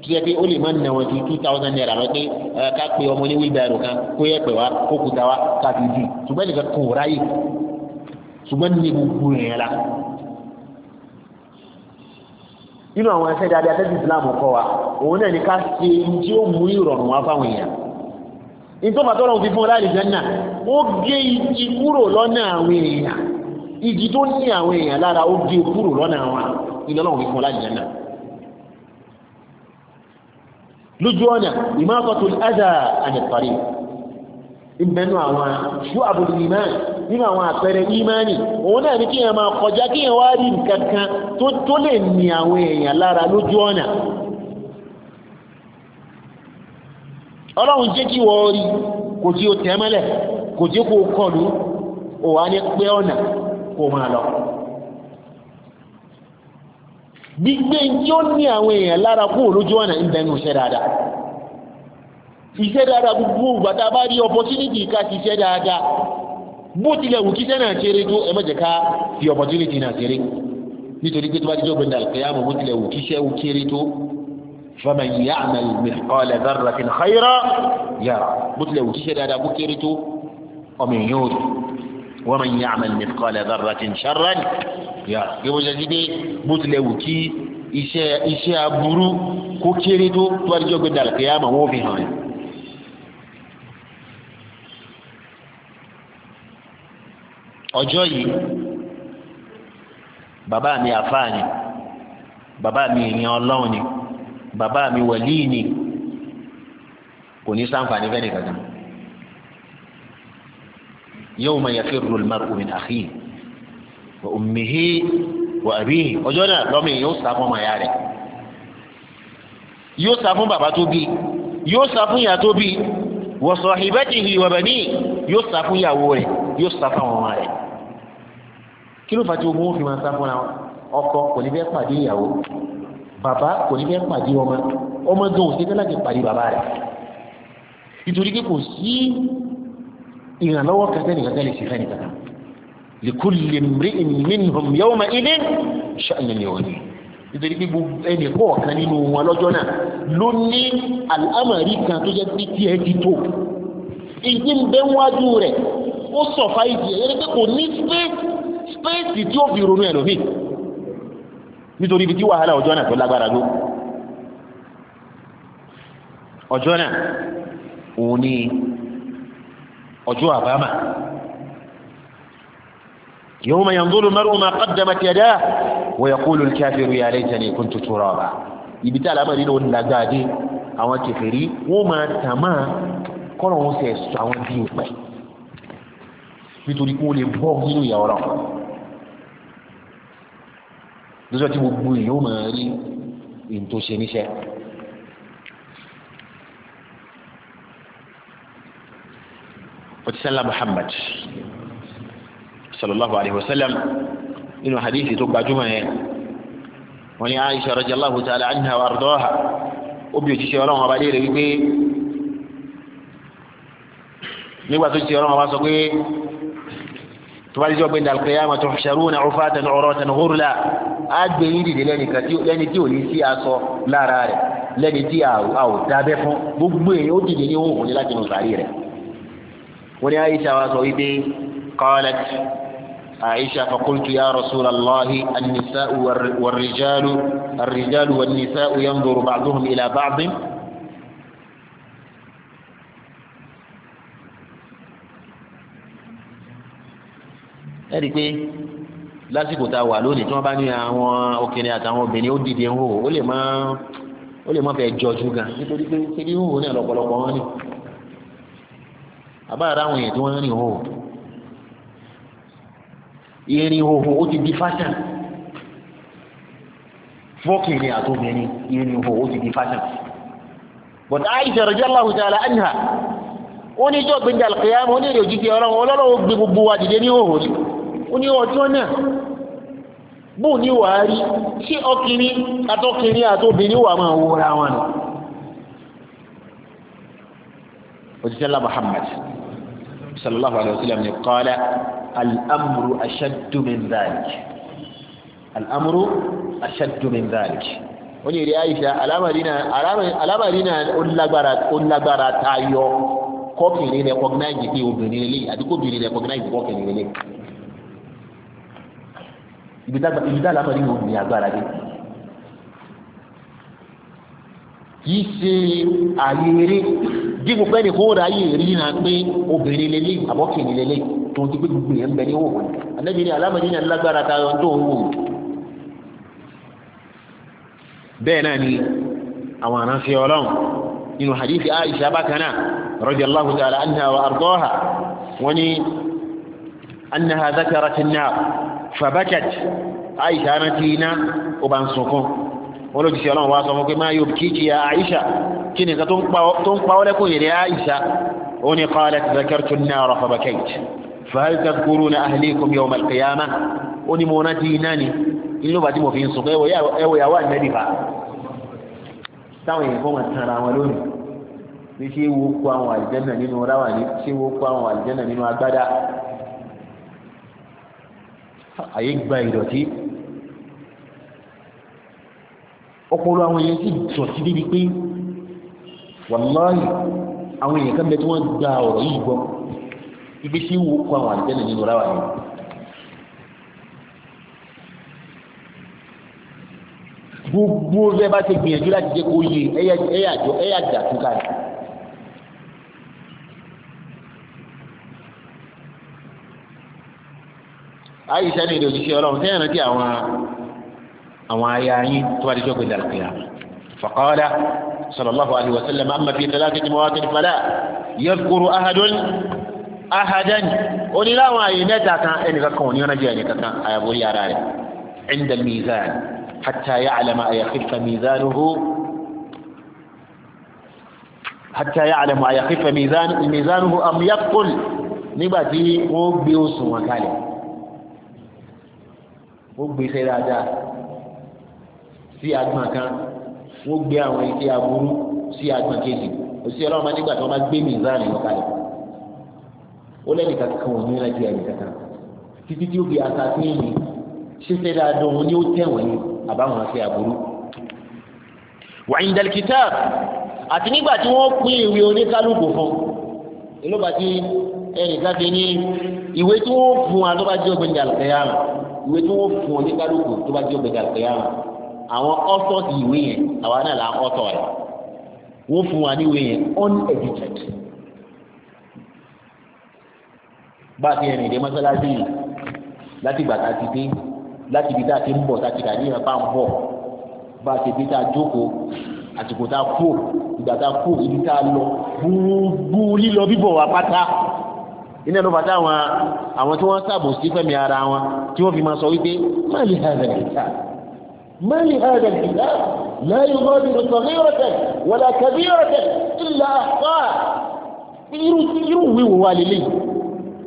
[SPEAKER 1] tó yẹ pé ó lè má nà ju two thousand naira lọ pé ká pe ọmọ ní wheelbarrow kan kó yẹ pẹ̀ wá kó kúta wá ká fi dì ṣùgbọ́n nìkan kò ráyè ṣùgbọ́n ní gbogbo yẹn la nínú àwọn ẹsẹ̀ dáadáa tẹ́sí Islam kọ́ wa òun náà ní ká ṣe tí ó mú ìrọ̀rùn wá fáwọn èèyàn ìtọ́fà tọ́lọ̀ fi fún ọláàrí jẹ́nà ó gé igi kúrò lọ́nà àwọn èèyàn igi tó ní àwọn èèyàn lára ó gé kúrò lọ́nà àwọn ìlọ́lọ́run fi fún ọláàrí jẹ́nà lójú ọ̀nà ìmáàkọ̀tò ẹ̀dà àjẹ̀fàrí ìbẹ̀nu àwọn ṣú àbùdù ìmáàni nínú àwọn àpẹẹrẹ ìmáàni òun náà ní kí ẹ máa kọjá kí ẹ wá rí nǹkankan tó lè ní àwọn èèyàn lára lójú ọ̀nà ọlọ́run jẹ́ kí wọ́n rí kò tí ó tẹ́mẹ́lẹ̀ kò jẹ́ kó kọlu òwà ní pé ọ̀nà kò máa lọ gbígbé tí ó ní àwọn èèyàn lára kúrò lójú ọ̀nà ń bẹnu iṣẹ́ dáadáa iṣẹ́ dáadáa gbogbo ìgbàta bá rí opportunity ká ti iṣẹ́ dáadáa bó tilẹ̀ wù kíṣẹ́ náà kéré tó ẹ ká fi opportunity náà kéré nítorí pé tó bá dídọ́ gbẹ̀ndà al-qiyāmah bó tilẹ̀ wù kíṣẹ́ wù kéré tó faman ya'mal mithqāla dharratin khayran yarah bó tilẹ̀ wù kíṣẹ́ dáadáa bó kéré tó ọmọ èèyàn wa man ya'mal mithqala dharratin sharran yà yóò ṣe ti dé bó tilẹ̀ wù kí iṣẹ́ iṣẹ́ aburú kó kéré tó tó àdìjọ́ gbé dàlùkẹ́ àmọ́ wọ́n fi hàn yẹn. ọjọ́ yìí bàbá mi àfáà ni bàbá mi èèyàn ọlọ́run ni bàbá mi wàlíì ni kò ní sáǹfààní fẹ́nìkan kan yawma yafirru al-mar'u min akhihi wa ummihi wa abihi ọjọ́ náà lọ́mọ yìí yóò sá fún ọmọ ìyá rẹ̀ yóò sá fún bàbá tó bí yóò sá fún ìyá tó bí wa sahibatihi wa bani yóò sá fún ìyàwó rẹ̀ yóò sá fún àwọn ọmọ rẹ̀ kí ló fà tí ogun fi máa sá fúnra kò ní fẹ́ pàdé ìyàwó bàbá kò ní fẹ́ pàdé ọmọ ọmọ gan ò sí fẹ́ láti pàdé bàbá rẹ̀ nítorí kò sí ìrànlọ́wọ́ kẹtẹ́ nìkan kẹ́lẹ́ sí fẹ́ni kankan likulli mri'in minhum yawma idin sha'nun yughni nítorí pé ẹnì kọ̀ọ̀kan nínú wọn lọ́jọ́ náà ló ní àlámọ̀rí kan tó jẹ́ pé tiẹ̀ ti tó ìdí ń bẹ wájú rẹ̀ ó sọ̀fà ìdí ẹ̀ yẹn pé kò ní space tí ó fi ronú ẹlòmíì nítorí ibi tí wàhálà ọjọ́ náà tó lágbára ló ọjọ́ náà òun ni ọjọ́ àbámà yawma yanzuru al-mar'u ma qaddamat yadahu wa yaqulu al-kafiru ya laytani kuntu turaba ibi tí alámàdé ló ń lagbá dé àwọn kèfèrí wọ́n máa tàmá kọ́rọ̀ wọn sì sọ àwọn bí ìpẹ́ nítorí kí wọ́n lè bọ́ nínú ìyàwó rà lọ́jọ́ tí gbogbo èèyàn máa rí ìntòṣe òtísẹ́lá Muhammad sallallahu alayhi wa sallam nínú hadithi tó gbajúmọ̀ yẹn wọ́n ní Aisha radiyallahu ta'ala anha wa ardọ́ha ó bí òjíṣẹ́ ọlọ́run ọba léèrè wípé nígbà tó ti ọlọ́run ọba sọ pé tó bá díjọ́ gbẹ̀ndà al-qiyamah tuhsharuna 'ufatan 'uratan ghurla á gbé yín dìde lẹ́ni tí ò ní sí aṣọ lára rẹ̀ lẹ́ni tí a ò dábẹ́ fún gbogbo èèyàn ó dìde ní òun òun ní láti nù sàárì rẹ̀ wọ́n ní aisha wa sọ wípé qalat aisha fakultu ya rasulallahi annisa'u warrijalu arrijalu wannisa'u yanzuru ba'duhum ila ba'din ẹ̀rí pé lásìkò tá a wà lónìí tí wọ́n bá ní àwọn ọkùnrin àtàwọn obìnrin ó dìde ń hò ó lè má fẹ́ jọjú gan nítorí pé ṣe bí hò ní ọ̀pọ̀lọpọ̀ wọn ni àbára àwọn èèyàn tí wọ́n ń rìn hòhò ìrìn hòhò ó ti di fashion fọ́ọ̀kì ni àtòmìnrin ìrìn hòhò ó ti di fashion but Aisha radiyallahu ta'ala anha ó ní ìjọ gbẹ̀ndẹ̀ alqiyama ó ní èrè òjijì ọlọ́run ọlọ́run ó gbé gbogbo wa dìde ní hòhò ni ó ní ọjọ́ náà bóun ní wàá rí ṣé ọkùnrin àtòbìnrin wà máa wúra wọn òṣìṣẹ́ ńlá Muhammad sallallahu alayhi wa sallam ni qala al-amru ashaddu min dhalik al-amru ashaddu min dhalik ó ní èrè àyíṣà alámàrí náà ó lágbára tayọ kọkìnrin recognize pé obìnrin lè àti kóbìnrin recognize kọkìnrin lè ibi dálámàrí yóò ní agbára dé kìí ṣe àyè eré dípò pé ní kóòdà yìí rí náà pé obìnrin lélẹ̀ àbọ̀kìnrin lélẹ̀ tó ń ti pé gbogbo yẹn ń bẹ ní wò wọn anábì ní alámọ̀dé yẹn lágbára tayọ tó ń wò bẹ́ẹ̀ náà ni àwọn aránṣẹ́ ọlọ́run nínú hadith aisha bákanná radiyallahu ta'ala anha wa ardaha wọ́n ní annaha zakarat an-nar fabakat aisha rántí iná ó bá ń sunkún wọ́n ọlọ́run wá sọ fún pé ma yubkiki ya aisha kí ni nǹkan tó ń pa ọ́ lẹ́kùn ìrẹ́ àìsà ó ní qalat zakartu an-nara fa bakayt fa hal tadhkuruna ahlikum yawm al-qiyamah ó ní mo rántí iná ni inú bàtí mo fi ń sùn ẹwọ yàwó ànẹ́bì fa táwọn èèyàn fọ́n máa tara wọn lónìí bí ṣé wo kó àwọn àlìjẹ́nà nínú ráwàní ṣé wo kó àwọn àlìjẹ́nà nínú agbádá àyè gba ìdọ̀tí ọpọlọ àwọn èèyàn sì dọ̀tí débi pé wàláyì àwọn èèyàn kan bẹ tí wọ́n gba ọ̀rọ̀ yìí gbọ́ ibi tí wò kó àwọn àjẹnà nínú ráwà yìí. gbogbo ẹ bá ti gbìyànjú láti jẹ kó yé ẹyà àjọ ẹyà tó ká ní. àyíṣà ní èdè òṣìṣẹ́ ọlọ́run sẹ́yìn rántí àwọn àwọn aya yín tó bá ti jọ́ pé dàrú kìlá faqala. صلى الله عليه وسلم أما في ثلاثة مواطن فلا يذكر أحد أحدا أولي لا وعينتا كان إن كون ينجي أن كان أبو يارالي عند الميزان حتى يعلم أيخف ميزانه حتى يعلم أيخف ميزان ميزانه أم يقل نبتي وبيوس وكالي وبيسيرادا في أدمكان wọ́n gbé àwọn ike aburú sí agbọn kejì òsì ọlọ́run máa nígbà tí wọ́n bá gbé mìíràn lọ kalẹ̀ ó lẹ́nu kankan òní lájú ẹ̀rí kankan títí tí ó fi asàfin yìí ṣíṣe dáadọ́ òun ni ó tẹ̀wọ̀n yìí àbáwọn ike aburú. wàyí dàlkìtà àti nígbà tí wọ́n pín ìwé oníkálukú fún inú bá ti ẹnìkan ti ní ìwé tí wọ́n fún wa tó bá jẹ́ ògbẹ́ni àlùkẹ́yà ìwé tí wọ́n fún oníkálukú tó bá jẹ́ ògbẹ́ni àlùkẹ́yà àwọn ọ̀tọ̀ ti ìwé yẹn àwa náà là ń ọ̀tọ̀ rẹ̀ wọ́n fún wa níwé yẹn unedited bá a ti rìn dé mọ́sálásí yìí láti gbà ti dé láti ibi tá a ti ń bọ̀ tá a ti dà ní ìrẹ̀pá ń bọ̀ bá a ti dé tá a jókòó àsìkò tá a kú ìgbà tá a kú ibi tá a lọ gbúgbú lílọ bíbọ̀ wá pátá iná ló fàtà àwọn àwọn tí wọ́n ṣàbòsí fẹ́mi ara wọn tí wọ́n fi máa sọ wípé má lè hàn rẹ̀ ما لهذا البلاد لا يغادر صغيرة ولا كبيرة
[SPEAKER 2] إلا أحصاها
[SPEAKER 1] يروي irú wíwò wà lélẹ̀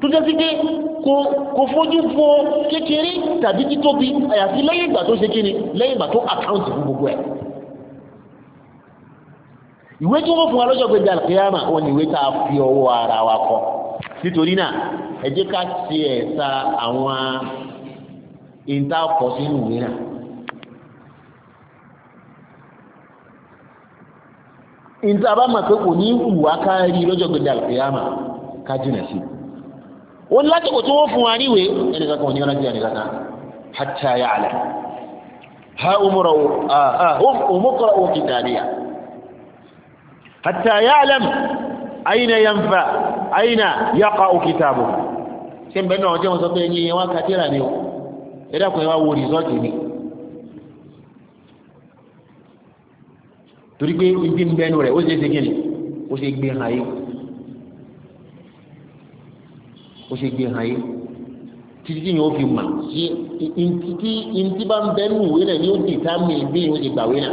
[SPEAKER 1] tó jẹ́ sí pé kò fojú fo kékeré tàbí títóbi àyàfi lẹ́yìn ìgbà tó ṣe kéré lẹ́yìn ìgbà tó àkáǹtì fún gbogbo ẹ̀ ìwé tí wọ́n fún wa lọ́jọ́ gbẹ̀dẹ̀ wọn ni ìwé tá fi ọwọ́ ara wa kọ nítorí náà ẹ jẹ́ ká ṣe ẹ̀sà àwọn ìntàkọ̀sínú mìíràn ìta bá mọ̀ pé kò ní ìwà kárí lọ́jọ́ gbẹ̀dẹ̀ àlùfẹ́yàmà ká jìnà sí ó ní lásìkò tí wọ́n fún wa níwè ẹnìkan kan ní ọ̀nà tí ẹnìkan kan hàtà yà àlà ha umura um, kitabiya hàtà yà aina yanfa aina yaqa o kitabu ṣe ń bẹ́ẹ̀ náà ọjọ́ wọn sọ pé ni ó ẹ̀dá kan wá wo rìsọ́ọ̀tì ni torí pé ibi ń bẹnu rẹ̀ ó ṣe é ṣe kíni ó ṣe gbé hàn yín ó ṣe gbé hàn yín títí tí yóò fi mà
[SPEAKER 2] ṣe ntí ntí
[SPEAKER 1] bá ń bẹnu ìwé náà ni ó di táàmì bí yóò ṣe gbàwé náà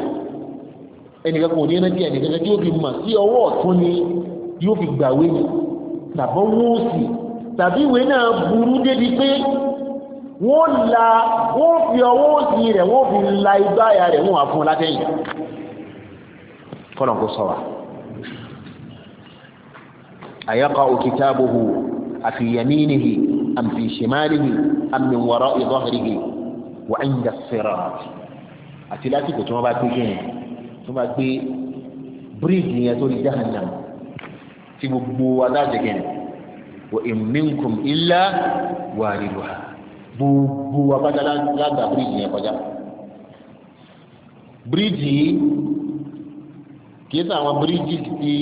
[SPEAKER 1] ẹnìkan kò ní rántí ẹnìkan tí yóò fi mà sí ọwọ́ ọ̀tún ni yóò fi gbàwé ni tàbọ̀ wọ́n sì tàbí ìwé náà burú débi pé wọ́n la wọ́n fi ọwọ́ òsì rẹ̀ wọ́n fi la igbá ya rẹ̀ wọ́n wà fún ọ látẹ̀yìn. kọ́nà kó sọ wa àyàkọ́ òkìtàbùhù àfi yaminihi am fi shimalihi am min wara'i dhahrihi wa inda sirat àti lásìkò tí wọ́n bá gbé gẹ́yìn tó bá gbé bíríìjì yẹn tó di jahannam tí gbogbo adájẹ gẹ́yìn wa in minkum illa wariduha gbogbo abájá lágbà bíríìjì yẹn kọjá bíríìjì kìí sọ àwọn bíríìjì tí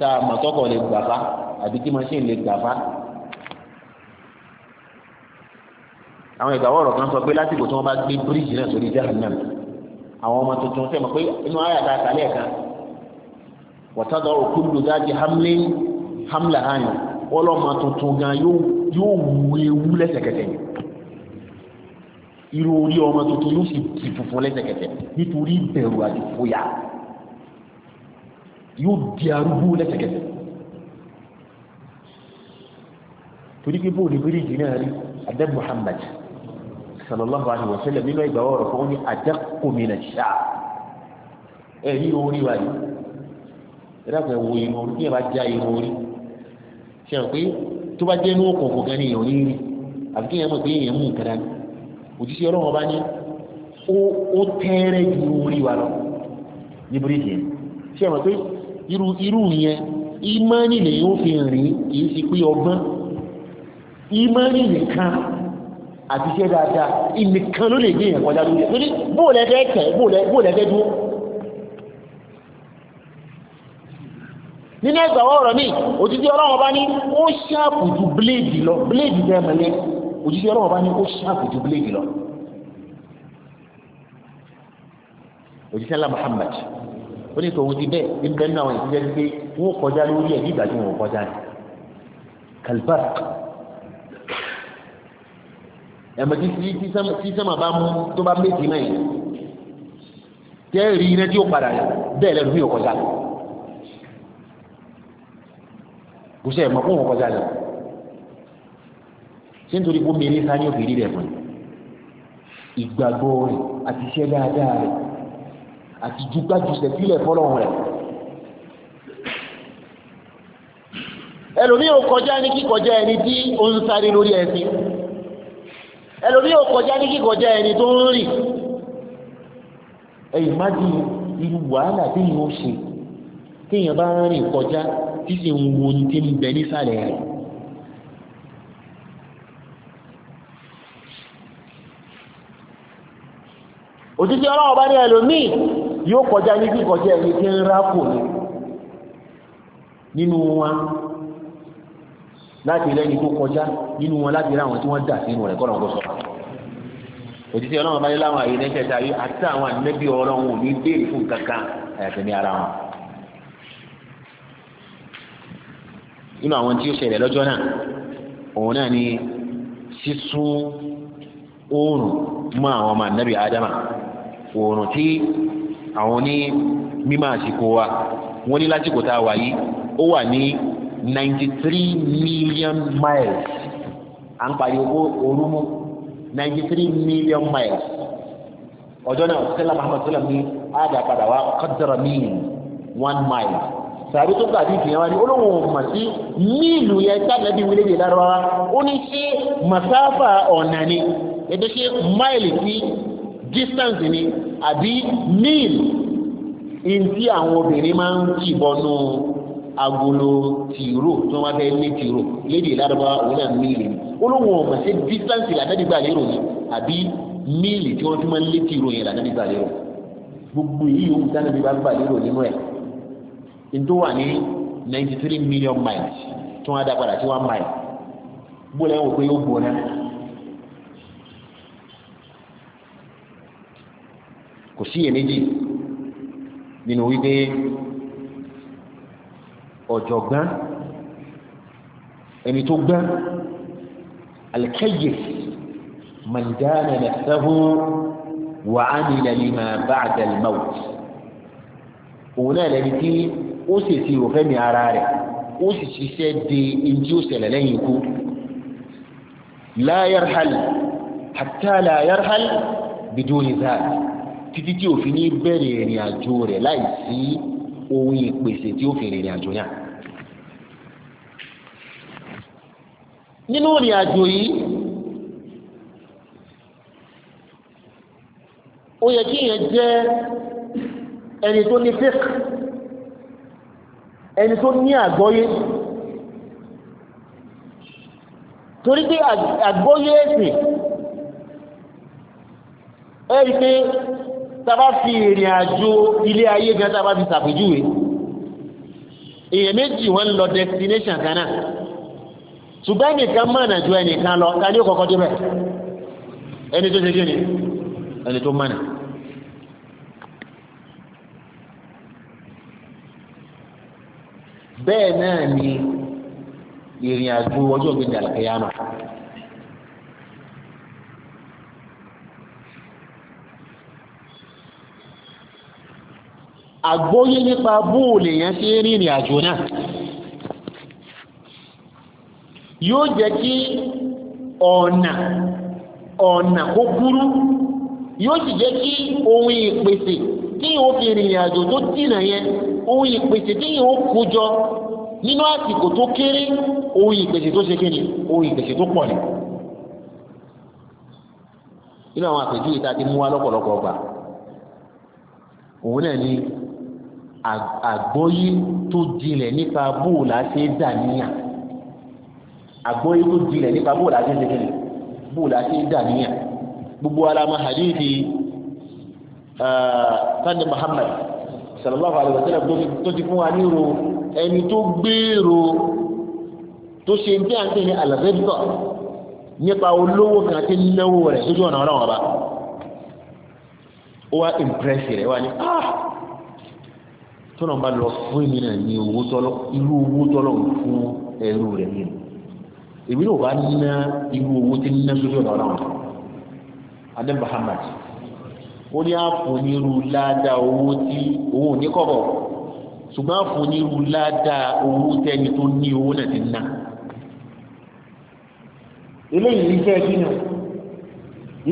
[SPEAKER 1] tá a mọ̀ tọkọ̀ lè gbà fa àbí tí machine lè gbà fa. àwọn ìgbàwọ̀ ọ̀rọ̀ kan sọ pé lásìkò tí wọ́n bá gbé bíríìjì náà sórí jahannam àwọn ọmọ tuntun sẹ́mi pé inú ayé àti àkàlẹ́ ẹ̀ka wọ́tádọ́ òkúlù dájú hamlé hamlá hàn wọ́n lọ́mọ tuntun gan yóò wú ewu lẹ́sẹ̀kẹsẹ̀ irú orí ọmọ tuntun yóò sì ti funfun lẹ́sẹ̀kẹsẹ̀ nítorí ìbẹ̀rù àti fòyà yóò di arúgbó lẹ́sẹ̀kẹsẹ̀ torí pé bóòlù méjì náà rí adab Muhammad sallallahu alaihi wa sallam nínú ìgbà ọ̀rọ̀ fún ní àjẹkùnmínà ṣáà ẹ rí orí wa yìí ìdáàbò ẹwọ irun orí bí ẹ bá já irun orí ṣe hàn pé tó bá jẹ́ inú òkùnkùn kan ní èèyàn ní rí àbí kí èèyàn mọ̀ pé èèyàn mú nǹkan dání òjíṣẹ́ ọlọ́run bá ní ó tẹ́rẹ̀ ju orí wa lọ ní bíríkì yẹn ṣe hàn pé irú irú yẹn ìmánì lè yóò fi rìn kìí fi pé ọgbọ́n ìmánì nìkan àti iṣẹ́ dáadáa ìnìkan ló lè gbé yẹn kọjá lórí ẹ̀ lórí bóòlẹ́dẹ́ tẹ̀ bóòlẹ́dẹ́ dúró nínú ẹgbà ọ̀rọ̀ mi òjijì ọlọ́wọ́ bá ní ó ṣáàpù ju bléèdì lọ bléèdì bẹ́ẹ̀ mẹ́lẹ́ òjijì ọlọ́wọ́ bá ní ó ṣáàpù ju bléèdì lọ òjijì ọlọ́wọ́ Muhammad ó ní tòun ti bẹ́ẹ̀ ní bẹ́ẹ̀ náà wọ́n ti jẹ́ pé wọ́n kọjá lórí ẹ̀ nígbà tí wọ́n kọjá ni kalbar ẹ̀mọ̀tí tí sẹ́mà bá mú tó bá méjì náà yìí tẹ́ rí iná tí ó padà yẹn bẹ́ẹ̀ lẹ́nu mi ò kọjá lọ kò sẹ́ ẹ̀mọ̀ fún òun kọjá lọ ṣé nítorí bó mi ní sáyẹ́ òfin rí rẹ̀ mọ́ ìgbàgbọ́ rẹ̀ àti iṣẹ́ dáadáa rẹ̀ àti jugbájúṣe sílẹ̀ fọlọ́run rẹ̀. ẹlòmíì ò kọjá ní kíkọjá ẹni tí ó ń sáré lórí ẹsìn ẹlòmíì ò kọjá ní kíkọjá ẹni tó ń rìn ẹyìn má di irú wàhálà téèyàn ó ṣe téèyàn bá rìn kọjá tí sì ń wo ní tí ń nísàlẹ̀ rẹ̀. òtítí ọlọ́wọ́ bá ní ẹlòmíì yóò kọjá ní kí kọjá ẹni tí ń rákò ní nínú wọn láti lẹ́ni tó kọjá nínú wọn láti rí àwọn tí wọ́n dà sínú rẹ̀ kọ́nà ọgọ́sọ̀ òtítí ọlọ́run bá yẹ láwọn àyè lẹ́sẹ̀ta yìí àti àwọn ànẹ́bí ọlọ́run ò ní béèrè fún kankan àyàfi ní ara wọn nínú àwọn tí ó ṣẹlẹ̀ lọ́jọ́ náà òun náà ni sísún oòrùn mọ́ àwọn ọmọ ànẹ́bí ádámà oòrùn tí àwọn ní mímọ̀ àsìkò wa wọ́n ní lásìkò tá a wà yìí ó wà ní ninety three million miles à ń pariwo orúmú ninety three million miles ọjọ́ náà sẹ́lá muhammad sẹ́lá ní àdàpadà wa kọ́dọ̀rọ̀ míì one mile sàbí tó gbà bí ìfìyàn wa ni olóhùn mà sí míìlù yẹn sábẹ́bí wílé de lárúbáwá ó ní ṣé màsáfà ọ̀nà ni ẹgbẹ́ ṣe máìlì sí distance ni àbí mil in tí àwọn obìnrin máa ń kìbọnú agolo tìró tí wọ́n bá fẹ́ lé tìró lédè lárúbá òun náà meal ni olóhùn ọ̀mọ̀ sí distance làdánigbà lérò ni àbí meal tí wọ́n fi máa ń lé tìró yẹn làdánigbà lérò gbogbo èyí yòówù sani bí bá gbà lérò nínú ẹ̀ ntó wà ní ninety three million miles tí wọ́n á padà sí one mile bó lẹ́yìn òpin yóò gbóná. kò sí iyèméjì nínú wípé ọ̀jọ̀gbọ́n ẹni tó gbọ́n alikẹ́yẹ mọ̀lìdáná nafsahu wa amila lima ba'da al-mawt òun náà lẹni tí ó sì ti òfẹ́ mi ara rẹ̀ ó sì ṣiṣẹ́ di ẹnjí ó ṣẹlẹ̀ lẹ́yìn ikú la yarhal hatta la yarhal biduni zaad. títí tí òfin ní bẹ̀rẹ̀ ìrìn àjò rẹ̀ láì sí ohun ìpèsè tí ó fi rìnrìn àjò náà. nínú ìrìn àjò yìí ó yẹ kí èèyàn jẹ́ ẹni tó ní fíkì ẹni tó ní àgbọ́yé torí pé àgbọ́yé ẹ̀sìn ẹ̀rí pé tàbá fi ìrìn àjò ilé ayé gan tàbá fi ṣàpèjúwe èèyàn méjì wọn lọ destination kan náà ṣùgbọ́n ẹnìkan mọ̀nà ju ẹnìkan lọ ká ní ó débẹ̀ ẹni tó ṣe kí ni ẹni tó mọ̀nà. bẹ́ẹ̀ náà ni ìrìn àjò ọjọ́ gbẹ̀dẹ̀ àlàkẹ́yàmà. àgbóyé nípa bóòlè yẹn sí rìnrìn àjò náà yóò jẹ́ kí ọ̀nà ọ̀nà kó kúrú yóò sì jẹ́ kí ohun ìpèsè tí yóò fi rìnrìn àjò tó dìnà yẹn ohun ìpèsè tí yóò kó nínú àsìkò tó kéré ohun ìpèsè tó ṣe kéré ohun ìpèsè tó pọ̀ ni nínú àwọn àpèjúwe tá a ti mú lọ́pọ̀lọpọ̀ ọgbà òun náà àgbọ́yé tó jinlẹ̀ nípa bóòlù àti dàníyàn àgbọ́yé tó jinlẹ̀ nípa bóòlù àti dàníyàn bóòlù àti dàníyàn gbogbo alama hadithi sani Muhammad sallallahu alayhi wa sallam tó ti fún wa níro ẹni tó gbèrò tó ṣe ń bí à ń tẹ̀lé alàbẹ́dọ̀ nípa olówó kan àti náwó rẹ̀ sójú ọ̀nà ọ̀rọ̀ wọn ba ó wá ìmpírẹ́sì rẹ̀ wá ní ah tọ́nà bá lọ fún èmi náà ní owó tọ́lọ́ irú owó tọ́lọ́ fún ẹrú rẹ̀ ní èmi náà bá ná irú owó tí ná sórí ọ̀nà ọ̀nà ọ̀nà adé Muhammad ó ní àfònirú ládàá owó tí owó ò ní kọ̀bọ̀ ṣùgbọ́n àfònirú ládàá owó tẹ́ni tó ní owó náà ti ná eléyìí iṣẹ́ kí ni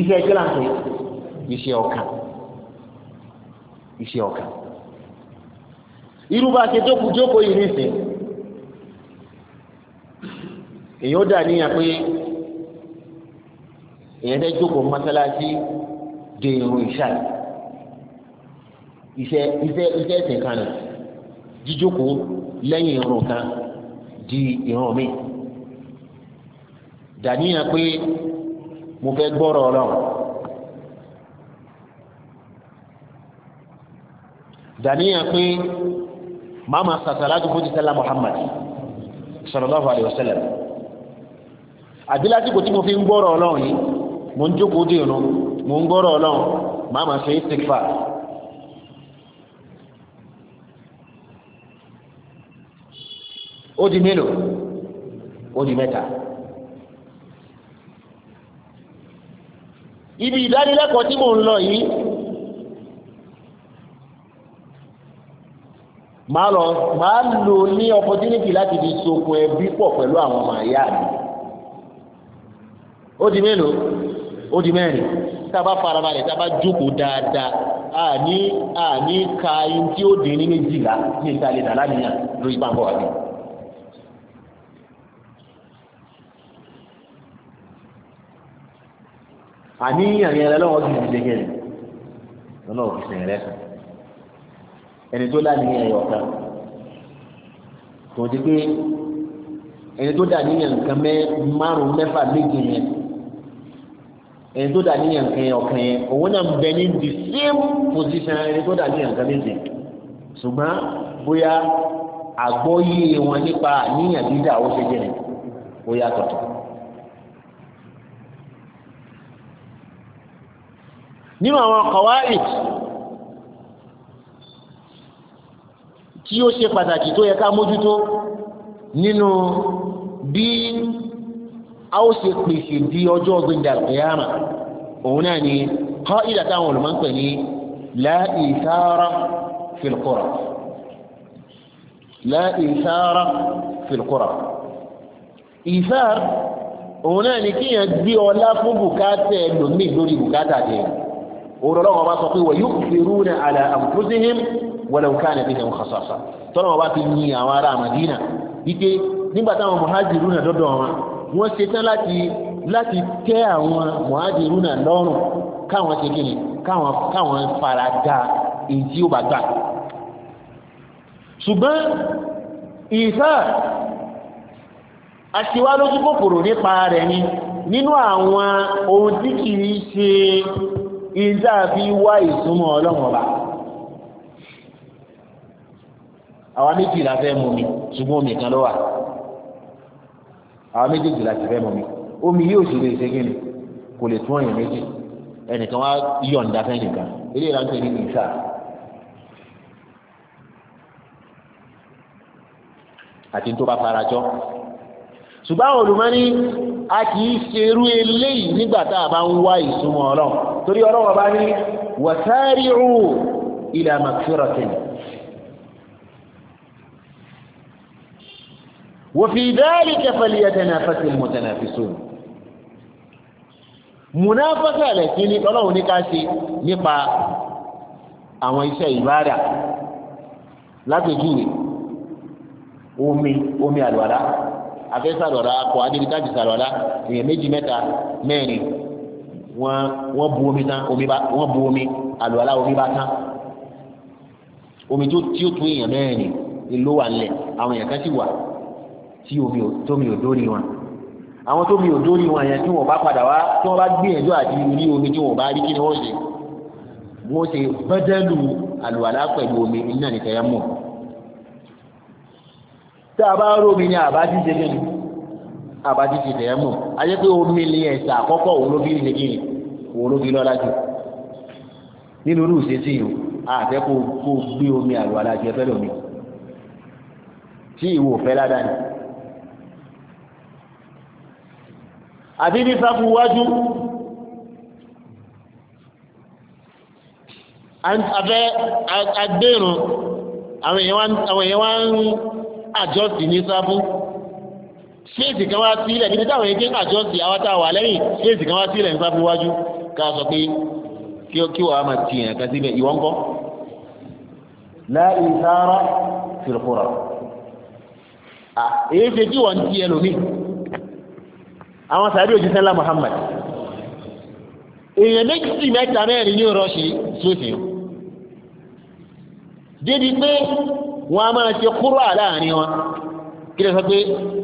[SPEAKER 1] iṣẹ́ kí láǹtẹ̀ iṣẹ́ ọkàn iṣẹ́ ọkàn irú bá ṣe jókòó jókòó yìí nìsín èyí dà níyàn pé èyàn fẹ́ jókòó mọ́sálásí de irun ìṣá iṣẹ́ iṣẹ́ iṣẹ́ ẹ̀sìn kan nà jíjókòó lẹ́yìn irun kan di irun mi dà níyàn pé mo fẹ́ gbọ́rọ̀ ọlọ́run. dàníyàn pé Mama ma sàṣàlátù fún títẹ́lá Muhammad sallallahu alayhi wa sallam àbí lásìkò tí mo fi ń gbọ́rọ̀ ọlọ́run yìí mo ń jókòó dè irun mo ń gbọ́rọ̀ ọlọ́run máa ma ṣe istighfar ó di mélòó ó di mẹ́ta. ibi ìdánilẹ́kọ̀ọ́ tí mo ń lọ yìí máa lọ máa lò ní opportunity láti fi sokun ẹbí pọ̀ pẹ̀lú àwọn ọmọ àyà mi ó di mélòó ó di mẹ́rin tá a bá farabalẹ̀ tá a bá jókòó dáadáa àní àní ka in tí ó dín ní méjìlá ní ìta lè dà lánìyàn lórí pàǹpọ̀ wà ní. àníyàn yẹn lọ́wọ́ kì í ṣe kẹ́lẹ̀ lọ́wọ́ kì í ṣe yẹn lẹ́sàn ẹni tó láàníyàn ẹ̀yọ̀ kan kò di pé ẹni tó dà níyàn nǹkan mẹ́ márùn-ún mẹ́fà méje yẹn ẹni tó dà níyàn nǹkan yẹn ọ̀kan yẹn òun náà ń bẹ ní the same position ẹni tó dà níyàn nǹkan méje ṣùgbọ́n bóyá àgbọ́yé wọn nípa níyàn dídà ó ṣe jẹ́ nìkan ó yàtọ̀ tó. nínú àwọn kọ̀wáìtì tí ó ṣe pàtàkì tó yẹ ká mójútó nínú bí a ó ṣe pèsè di ọjọ́ gbẹ̀ndà kìyàmà òun náà ni kọ́ ìdá táwọn olùmọ̀ ń pè ní láìsára fìlkúrà láìsára fìlkúrà ìsára òun náà ni kíyàn gbé ọlá fún bùkátà ẹlòmíì lórí bùkátà jẹ òun lọ́wọ́ bá sọ pé wọ́n yóò fi rúnà àlà àǹfóṣíhìm walau kana bihim khasasa tọ́nà wọn bá fi yin àwọn ará Madina wípé nígbà táwọn muhajirun náà dọ́dọ̀ wọn wọ́n ṣetán láti láti tẹ́ àwọn muhajirun náà lọ́rùn káwọn ṣe kí ni káwọn káwọn fara da èyí tí ó bá gbà ṣùgbọ́n ìsá àṣìwá lójú kòkòrò nípa rẹ̀ ni nínú àwọn ohun tí kìí ṣe ìdáàbí wá ìsúnmọ́ ọlọ́run ọba àwa méjì la fẹ́ mu mi ṣùgbọ́n omi kan ló wà àwa méjèèjì la ti fẹ́ mu mi omi yóò sì lè ṣe kí ni kò lè tún ọ̀yàn méjì ẹnìkan wá yọ̀ǹda fẹ́ nìkan eléyìí la ń pè ní nìṣà. àti tó bá fara jọ ṣùgbọ́n àwọn olùmọ́ni a kì í ṣerú eléyìí nígbà tá a bá ń wá ìsúnmọ́ ọlọ́run torí ọlọ́run bá ní wasari'u ila magfiratin وفي ذلك فليتنافس المتنافسون منافسة لكن الله نكاسي ká ṣe nípa àwọn iṣẹ́ ìbáàdà lápèjúwe omi omi àlùwàlá afẹ́sẹ̀ àlùwàlá akọ adébítájì sàlùwàlá èèyàn méjì mẹ́ta mẹ́rin wọ́n wọ́n bu omi tán omi bá wọ́n bu omi àlùwàlá omi bá tán omi tó tí ó tó èèyàn mẹ́rin ló wà nílẹ̀ àwọn èèyàn kan sì wà tí omi tómi ò dórí wọn àwọn tómi ò dórí wọn yẹn tí wọn bá padà wá tí wọn bá gbìyànjú àti rí omi tí wọn bá rí kí ni wọn ṣe wọn ṣe bẹdẹlù àlùwàlá pẹ̀lú omi ní náà nìkẹyà mọ tá a bá rómi ni àbá ti ṣe kíni àbá ti ṣe tẹyà mọ ayé pé omi ni ẹsẹ àkọ́kọ́ òun ló bí ṣe kíni òun jù nínú irú ìṣesí yìí àfẹ́ kó gbé omi àlùwàlá jẹ fẹ́lẹ̀ omi tí ìwò fẹ́ ládàá ni. àbí ní sáfù wájú abẹ́ agbẹ́rùn àwọn èèyàn wá ń àjọsì ní sáfù fèsì kan wá sílẹ̀ níbi táwọn èèyàn ń àjọsì àwátá wà lẹ́yìn fèsì kan wá sílẹ̀ ní sáfù wájú ká sọ pé kí wàá máa tiẹ̀ kan sílẹ̀ ìwọ́n kọ́ láì sáárá fìrìkúrà èyí ṣe wọ́n ti ẹlòmíì àwọn sàbí òjíṣẹ́ ńlá Muhammad èèyàn méjì sí mẹ́ta mẹ́rin ní ọ̀rọ̀ ṣe sófin débi pé wọn a máa ṣe kúrò àláàrin wọn kí lè sọ pé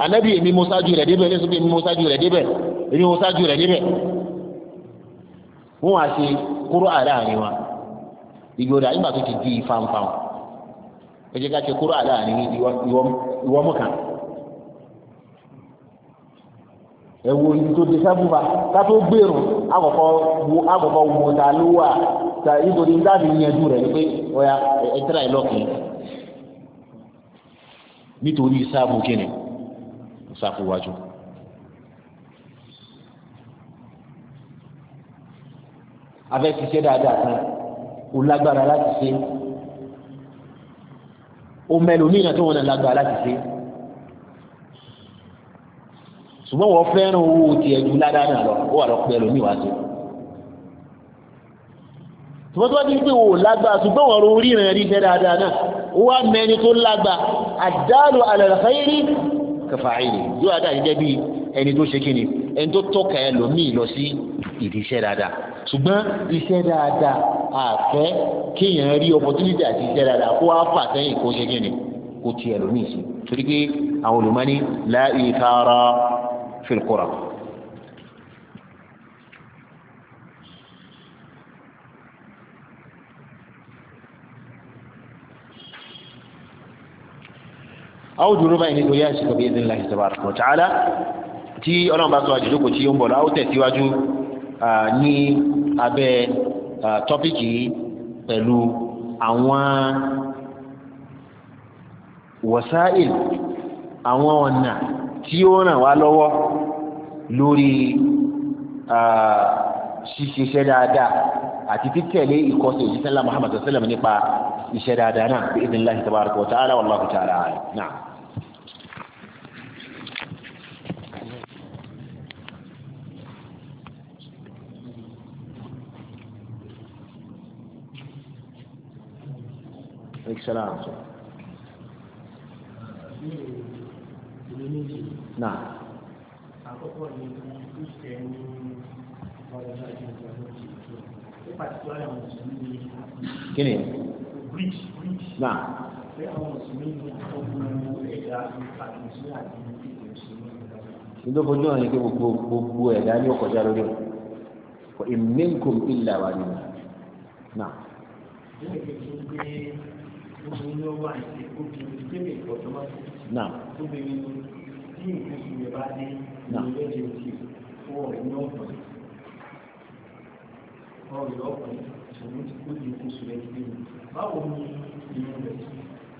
[SPEAKER 1] ànábì èmi mo ṣáájú rẹ̀ débẹ̀ lè sọ pé èmi mo ṣáájú rẹ̀ débẹ̀ èmi mo ṣáájú rẹ̀ débẹ̀ wọn a ṣe kúrò àláàrin wọn ìgbòdà nígbà tó ti di fanfan ẹ jẹ́ ká ṣe kúrò àláàrin ìwọ́mù kan. ẹ̀wò ibi tó di sábùbà kátó gbèrò àkọ́kọ́ wo àkọ́kọ́ wo ta ló wà ta ibodè dáàbì yẹnjú rẹ̀ pé ọ̀ya ẹ̀tẹ́rà ẹ̀ lọ́kùn nítorí sáàbù kíni sáfùwájú. abẹ́ ti ṣe dáadáa kan kò lágbára láti ṣe ó mẹ́lò ní ìrántí wọn náà lágbára láti ṣe ṣùgbọ́n wọ́n fẹ́ràn owó tiẹ̀ ju ládàá náà lọ ó wà lọ pẹ́ lómi wàá tó ṣùgbọ́n tó wá ní pé wò lágbàá ṣùgbọ́n wọ́n rí rẹ̀ rí fẹ́ dáadáa náà ó wá mẹ́ni tó lágbàá àdáàlù alàlàfẹ́yìrì kàfàáìrì yóò adá ìjẹ́ bí ẹni tó ṣe kíni ẹni tó tọ́ka ẹ lòmíì lọ sí ìdí iṣẹ́ dáadáa ṣùgbọ́n iṣẹ́ dáadáa àfẹ́ kéèyàn rí opportunity àti iṣẹ́ dáadáa kó في القرى aw dúró báyìí nítorí àṣìkò bí ìdínlá ìsọ̀bàrà wa ta'ala tí ọlọ́run bá sọ àjòjòkò tí ó ń bọ̀ lọ àwòtẹ̀ síwájú ní abẹ́ tọ́pìkì pẹ̀lú àwọn wọ̀sáìl àwọn ọ̀nà tí ó ràn wá lọ́wọ́ lórí ṣíṣe iṣẹ́ dáadáa àti títẹ̀lé ìkọsẹ̀ òjíṣẹ́ ńlá Muhammad sẹ́lẹ̀ nípa iṣẹ́ dáadáa náà bí idin láti tabaraka wa ta'ala wallahu rẹ̀ náà. Excellent. àkọ́kọ́ ni kírísítẹ́nì ọ̀rọ̀ náà ti ń sọ ní ìṣèjọ nípa tí wọ́n yà ní kí ni bridge bridge náà pé àwọn
[SPEAKER 2] mùsùlùmí ní gbogbo ẹ̀dá àtúnṣe àti ìgbésùn
[SPEAKER 1] nítorí náà ni pé gbogbo gbogbo ẹ̀dá ni ó lórí o kò ìmínkùn ìlà wà nínú náà. náà. Now. Báwo ni ìrìn rẹ̀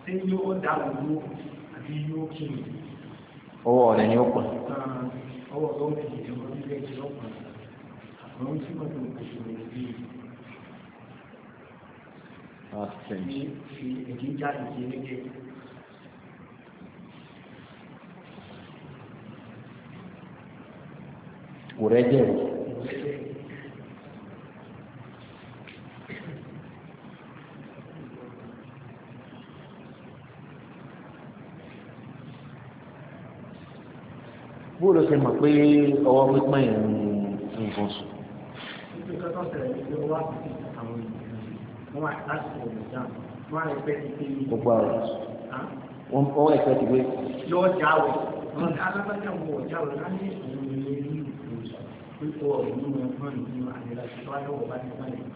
[SPEAKER 1] tí yóò dára ló àbí yóò kí ni? Ọwọ́ rẹ̀ ni ó pọ̀. Ọwọ́ tó ń fi ìjọba kò rẹ́jẹ̀ o. bóòlù ṣe mọ̀ pé ọwọ́ pípọ́n yẹn ní nǹkan sùn. gbogbo àwọn wọn kọ́ ẹ̀fẹ́ ti gbé. yọ ọjà wẹ̀ ọjà alábàjá wọ ọjà wẹ̀ láti
[SPEAKER 2] ẹ̀sìn pé kó o ìlú wọn fún ìlú nínú àdéhà tó wáyé bá ti fún ìlú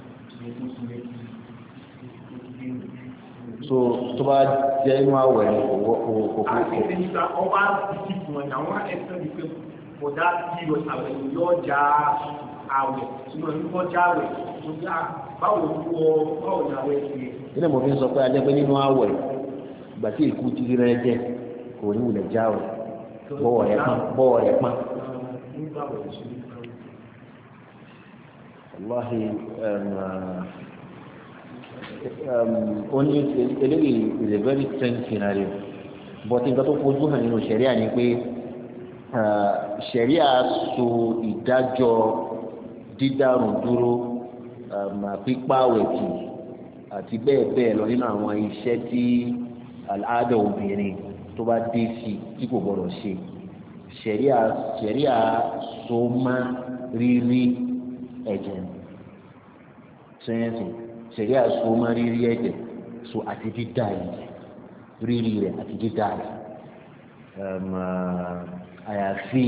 [SPEAKER 2] ìlú tó sún méjì so tó bá jẹ́ inú àwẹ̀ owó owó kò kò. àti
[SPEAKER 1] ìdíjà ọba ti fún ẹ̀ àwọn ẹ̀sẹ̀ ní pé that bí ọ̀sàwẹ̀ yóò já àwẹ̀ ṣùgbọ́n ní wọ́n já àwẹ̀ tó já báwo wọ báwo ni àwẹ̀ ti yẹ. ilé mòfin sọ pé ajẹ́ pé nínú àwẹ̀ ìgbà tí èkú ti rẹ́ jẹ́ kò ní wulẹ̀ já àwẹ̀ bọ́wọ̀ rẹ̀ pọ́n bọ́wọ̀ rẹ̀ pọ́n. Allahi um, um, eléyìí is a very strange scenario but nǹkan tó fojú hàn nínú ṣẹ̀ríà ni pé uh, ṣẹ̀ríà so ìdájọ́ dídárùn dúró um, pípàwẹ̀ tì àti bẹ́ẹ̀ bẹ́ẹ̀ lọ nínú àwọn iṣẹ́ tí àlàáda obìnrin tó bá dé sí tí kò gbọdọ̀ ṣe ṣẹ̀ríà so má rírí ẹ̀jẹ̀ sẹ́yẹ́sì ṣẹ̀rí àsomọ́ rírí ẹ̀jẹ̀ so àti dídá ẹ̀jẹ̀ rírí rẹ̀ àti dídá rẹ̀ àyàfi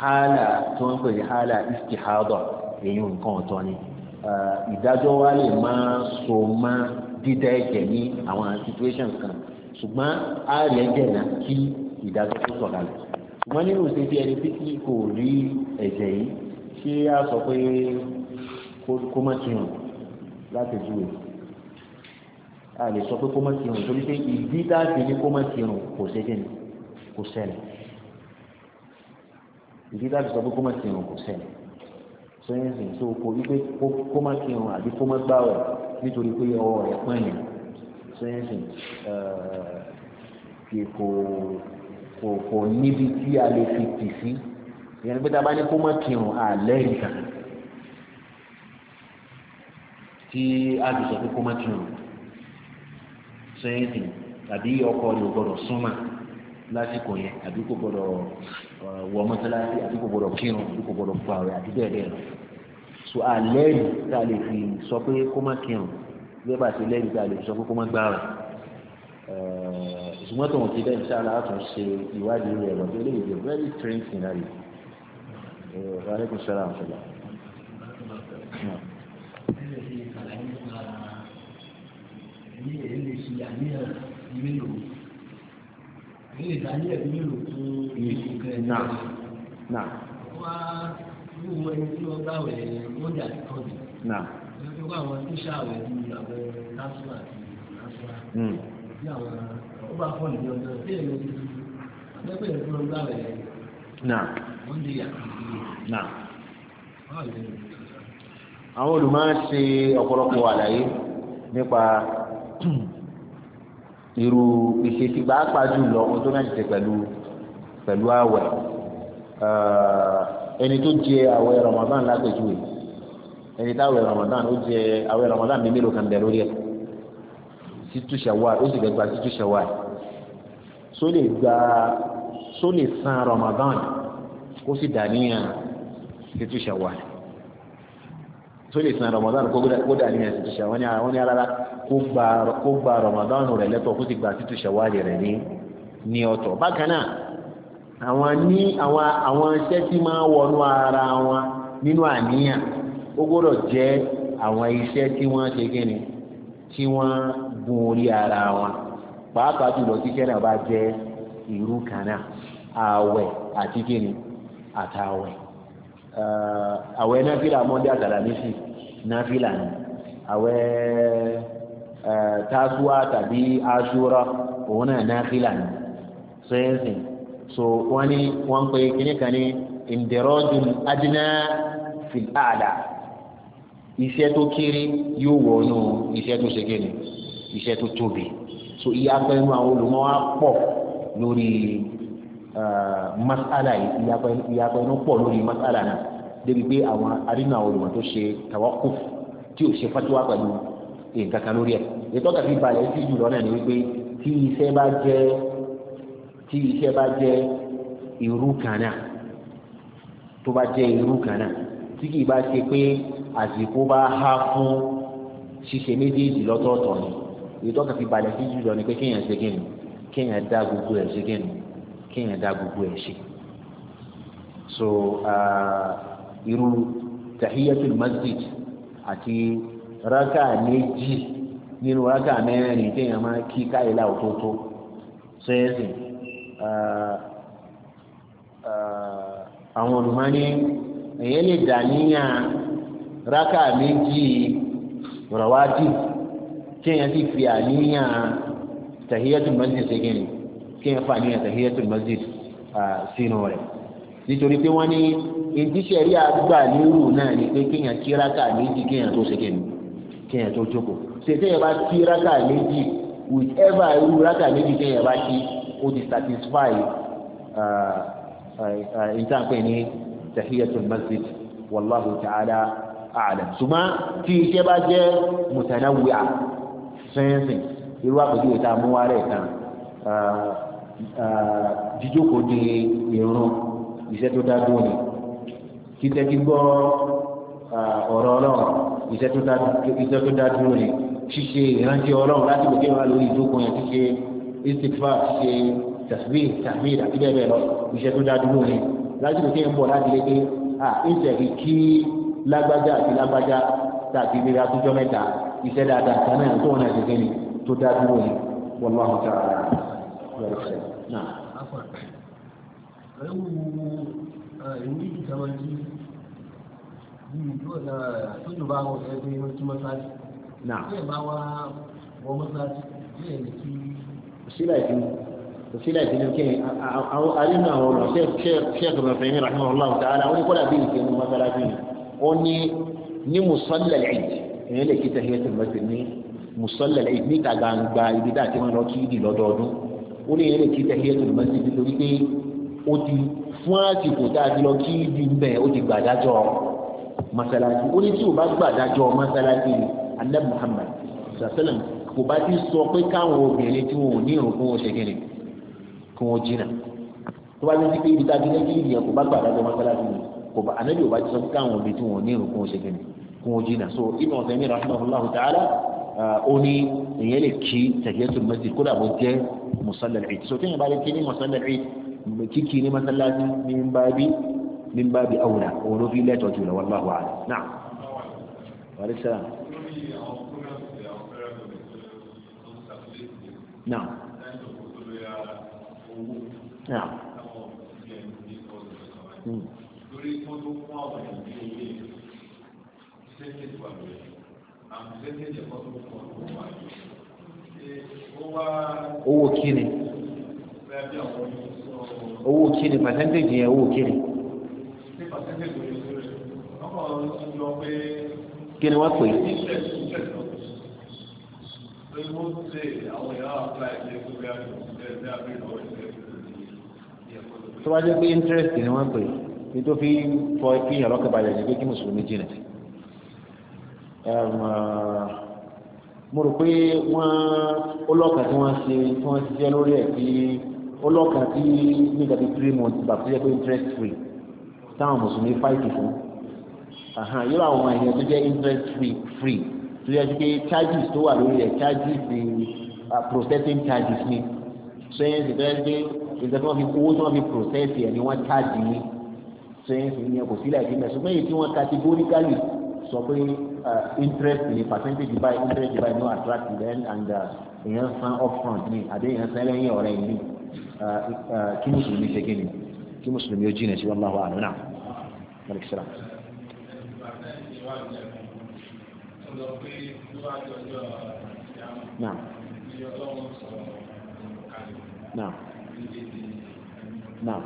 [SPEAKER 1] hálà tó ń pè ní hálà istihada èyí nǹkan ọ̀tọ̀ ni ìdájọ́ wa lè máa so mọ́ dídá ẹ̀jẹ̀ ní àwọn situations kan ṣùgbọ́n a rẹ̀ ẹ̀jẹ̀ náà kí ìdájọ́ tó sọ̀kalẹ̀ ṣùgbọ́n nínú ìṣèjì ẹni tí kò rí ẹ̀jẹ̀ yìí ṣé a sọ pé kó má ti hàn láti júwe a lè sọ pé kó má ti hàn torí pé ìdí táàtì ní kó má ti hàn kò ṣe kí ni kò ṣẹlẹ̀ ìdí táàtì sọ pé kó má ti hàn kò ṣẹlẹ̀ sẹ́yìn tó kó wípé kó má ti hàn àbí kó má gbáwẹ̀ nítorí pé ọwọ́ rẹ̀ pọ́n yẹn sẹ́yìn uh, kò kò níbi tí a lè fi tì sí ìyẹn ni pé tá a bá ní kó má kírun àlẹ́ nìkan tí a lè sọ pé kó má kírun sẹ́yìn tàbí ọkọ rẹ̀ ò gbọ́dọ̀ súnmọ́ lásìkò yẹn àbí kò gbọ́dọ̀ wọ mọ́sálásí àbí kò gbọ́dọ̀ kírun àbí kò gbọ́dọ̀ pa ọ̀rẹ́ àti bẹ́ẹ̀ bẹ́ẹ̀ lọ so àlẹ́ yìí tá a lè fi sọ pé kó má kírun bẹ́ẹ̀ bá ti lẹ́yìn tá a lè fi sọ pé kó má gbára ìsúnmọ́tò wọn ti bẹ́ẹ̀ ṣáà látún ṣe ìwádìí rẹ̀ lọ́dún eléyìí very strange scenario. Wàhálẹ́kùn sọ́ra àwọn ọ̀la. Ní èlé ṣe àníyàn mélòó, èlé ìdáníyàn mélòó fún ìṣèkẹ́ náà. Náà.
[SPEAKER 2] Wá wúwo ẹni tí wọ́n bá wẹ̀ wọ́n jà tọ́jú. Náà.
[SPEAKER 1] Lọ́jọ́ pé àwọn tó ṣàwẹ̀ bí àwọn lásán àti lásán. Bí àwọn ó bá fọ́ọ̀nù ní ọjọ́ tí èlé ti dúdú. Lọ́jọ́ pé ẹ̀rọ tó ń gbà wẹ̀ wọ́n jà tọ́jú náà àwọn olùmọ̀ ṣe ọ̀pọ̀lọpọ̀ àlàyé nípa <clears throat> irú ìṣesí pàápàá jùlọ ohun tó náà ṣe pẹ̀lú pẹ̀lú àwẹ̀ ẹni tó jẹ àwẹ̀ Ramadan lápẹjùwe ẹni tá àwẹ̀ Ramadan ó jẹ àwẹ̀ Ramadan mi mélòó kan bẹ lórí ẹ títú ṣàwà ó sì fẹ́ gba títú ṣàwà só gba só san Ramadan kó sì dàníyàn
[SPEAKER 2] uh,
[SPEAKER 1] títú ṣàwà tó lè san Ramadan kó dàníyàn títú ṣàwà wọ́n ní alára uh, kó gba Ramadan rẹ̀ lẹ́tọ̀ kó sì gba títú ṣàwà rẹ̀ ní ní ọ̀tọ̀ bákan náà àwọn ní àwọn àwọn iṣẹ́ tí máa wọnú ara wọn nínú àníyàn ó gbọ́dọ̀ jẹ́ àwọn iṣẹ́ tí wọ́n ṣe kí ni tí wọ́n gun orí ara wọn pàápàá jùlọ tíṣẹ́ náà bá jẹ́ irú kan náà ààwẹ̀ àti kí ni àtàwẹ̀ eh, àwẹ̀ náfìlà mọ́ndé àtàlàmísì náfìlà ni àwẹ̀ eh, tásúwà tàbí aṣúra òun náà náfìlà ni sẹ́yìnsì so wọ́n ní wọ́n pe kíní kan ní ìndẹ̀rọ́dùn adínà fìlàdà iṣẹ́ tó kéré yóò wọnú iṣẹ́ tó ṣe kéré iṣẹ́ tó tóbi so ìyá pẹ̀lú àwọn olùmọ́ wa pọ̀ lórí masala yìí ìyàpọ̀ inú pọ̀ lórí masala náà débi pé àwọn arínú àwọn olùmọ̀ tó ṣe tawakuf tí ò se fatuwa pẹ̀lú nǹkan kan lórí ẹ̀ ètò ọ̀gá fi balẹ̀ sí jùlọ náà ni wípé tí iṣẹ́ bá jẹ́ tí iṣẹ́ bá jẹ́ irú kan náà tó bá jẹ́ irú kan náà tí kì í bá ṣe pé àsìkò bá há fún ṣíṣe méjèèjì lọ́tọ̀ọ̀tọ̀ ni ètò ọ̀gá fi balẹ̀ sí jùlọ ni pé kéèyàn ṣe kéèyàn kéèyàn dá gbogbo ẹ̀ ṣe kéèyàn kéèyàn dá gbogbo ẹ̀ ṣe so irú tahiyatul masjid àti raka méjì nínú raka mẹ́rin kéèyàn máa kí káyìlá òtótó sẹ́yìn àwọn olùmọ́ni èyí lè dà níyàn raka méjì rọ̀wájú kéèyàn ti fi àníyàn tahiyatul masjid ṣe kéèyàn kí ẹ fà ní àtàhíyàtul masjid sínú rẹ̀ nítorí pé wọ́n ní ìdíṣẹ́rí àgbà nírú náà ni pé kéèyàn kíráka méjì kéèyàn tó ṣèké ni kéèyàn tó jókòó ṣèké yẹn bá kíráka méjì whichever irú ráka méjì kéèyàn bá kí ó ti satisfy ìtànpẹ̀ ní tahiyatul masjid wallahu ta'ala a'lam ṣùgbọ́n tí iṣẹ́ bá jẹ́ mutanawwi'a sẹ́yìn sìn irú àpèjúwe tá a mú wá rẹ̀ tán jíjókòó di ìrun iṣẹ́ tó dá dúró ni títẹ́jú gbọ́ ọ̀rọ̀ ọlọ́run iṣẹ́ tó dá dúró ni ṣíṣe ìrántí ọlọ́run láti gbèké wà lórí ìjókòó yẹn ṣíṣe istikfa ṣíṣe tàbí tàbí àti bẹ́ẹ̀ bẹ́ẹ̀ lọ iṣẹ́ tó dá dúró ni láti gbèké ń bọ̀ láti lé pé à kí lágbájá àti lágbájá tàbí ìlera àtúnjọ mẹ́ta iṣẹ́ dáadáa náà tó wọn náà ṣe tó dá dúró ni wallahu ta'ala
[SPEAKER 2] lọ́rọ̀ sẹ́yìn náà. ẹ̀wù
[SPEAKER 1] ìwé ìjọba jí yìí lọ́la tó jù bá wọn ẹgbẹ́ inú tí mọ́sáàsì. náà bẹ́ẹ̀ bá wá wọ mọ́sáàsì bẹ́ẹ̀ ni kí. òsínà ìpín òsínà ìpín ní kéyìn àwọn arínú àwọn ọ̀nà ṣẹ́ẹ̀kì bẹ̀rẹ̀ ní rahman allah ta'ala wọn ni kọ́lá bí ìpín ní mọ́sáàsì wọn ni ní musallal eid ìyẹn lè kí tahiyatul masjid ní musallal eid níta gbangba ibi dáa ti wọn lọ kí ìdí lọ́dọọdún ó lè yẹn lè kí tahiyatul masjid nítorí pé ó ti fún àsìkò tá a ti lọ kí ibi bẹ́ẹ̀ ó ti gbàdájọ́ masalasi ó ní tí o bá gbàdájọ́ masalasi alẹ́ Muhammad sàṣẹlẹm kò bá ti sọ pé káwọn obìnrin tí wọn ò ní ìrùn fún oṣù kìnnì kí wọn jìnnà tó bá ti pé ibi tá a ti lẹ́kí ìyẹn kò bá gbàdájọ́ masalasi kò bá anabi ò bá ti sọ pé káwọn obìnrin tí wọn ò ní ìrùn fún oṣù kìnnì kí wọn jìnnà so ibn Uthaymeen rahimahullahu ta'ala ó ní èèyàn lè kí tahiyatul masjid kódà bó jẹ́ musalla al-eid so téèyàn bá lè kí ní musalla al-eid kíkí ní masallaci ní bábí ní bábí awla òun ló fi lẹ́tọ̀ọ́ jùlọ wallahu a'lam náà wàlẹ́ sẹ́lá.
[SPEAKER 2] náà náà. lórí tó owó kíni owó kíni pàṣẹ́ntéèjì yẹn owó kíni. kíni wọ́n pè
[SPEAKER 1] tó bá jẹ́ pé interest ni wọ́n pè ní tó fi fọ ìpínyà lọ́kàbalẹ̀ ní pé kí mùsùlùmí jìnà sí mo rò pé wọ́n ọlọ́kàn tí wọ́n ṣe tí wọ́n ṣiṣẹ́ lórí ẹ̀ pé ọlọ́kàn tí nígbà tí three months gbà tó yẹ pé interest free táwọn mùsùlùmí fáìtì fún yóò àwọn èèyàn tó jẹ́ interest free free tó yẹ pé charges tó wà lórí ẹ̀ charges ni processing charges ni sẹ́yìn sì fẹ́ẹ́ gbé ìgbà tí wọ́n fi owó tí wọ́n fi process ẹ̀ ni wọ́n charge ni sẹ́yìn sì ní ẹ̀ kò sílẹ̀ ìdí mẹ́sàn-án mẹ́yìn tí wọ́n categorically sọ pé uh, interest ní percentage báyìí interest báyìí no attract then and uh, èèyàn san upfront ní àbí èèyàn san lẹ́yìn ọ̀rẹ́ yìí uh, uh, kí mùsùlùmí ṣe kí ni kí mùsùlùmí ó jìnà sí wallahu a'lam náà
[SPEAKER 2] malik sira. Naam. Naam. Naam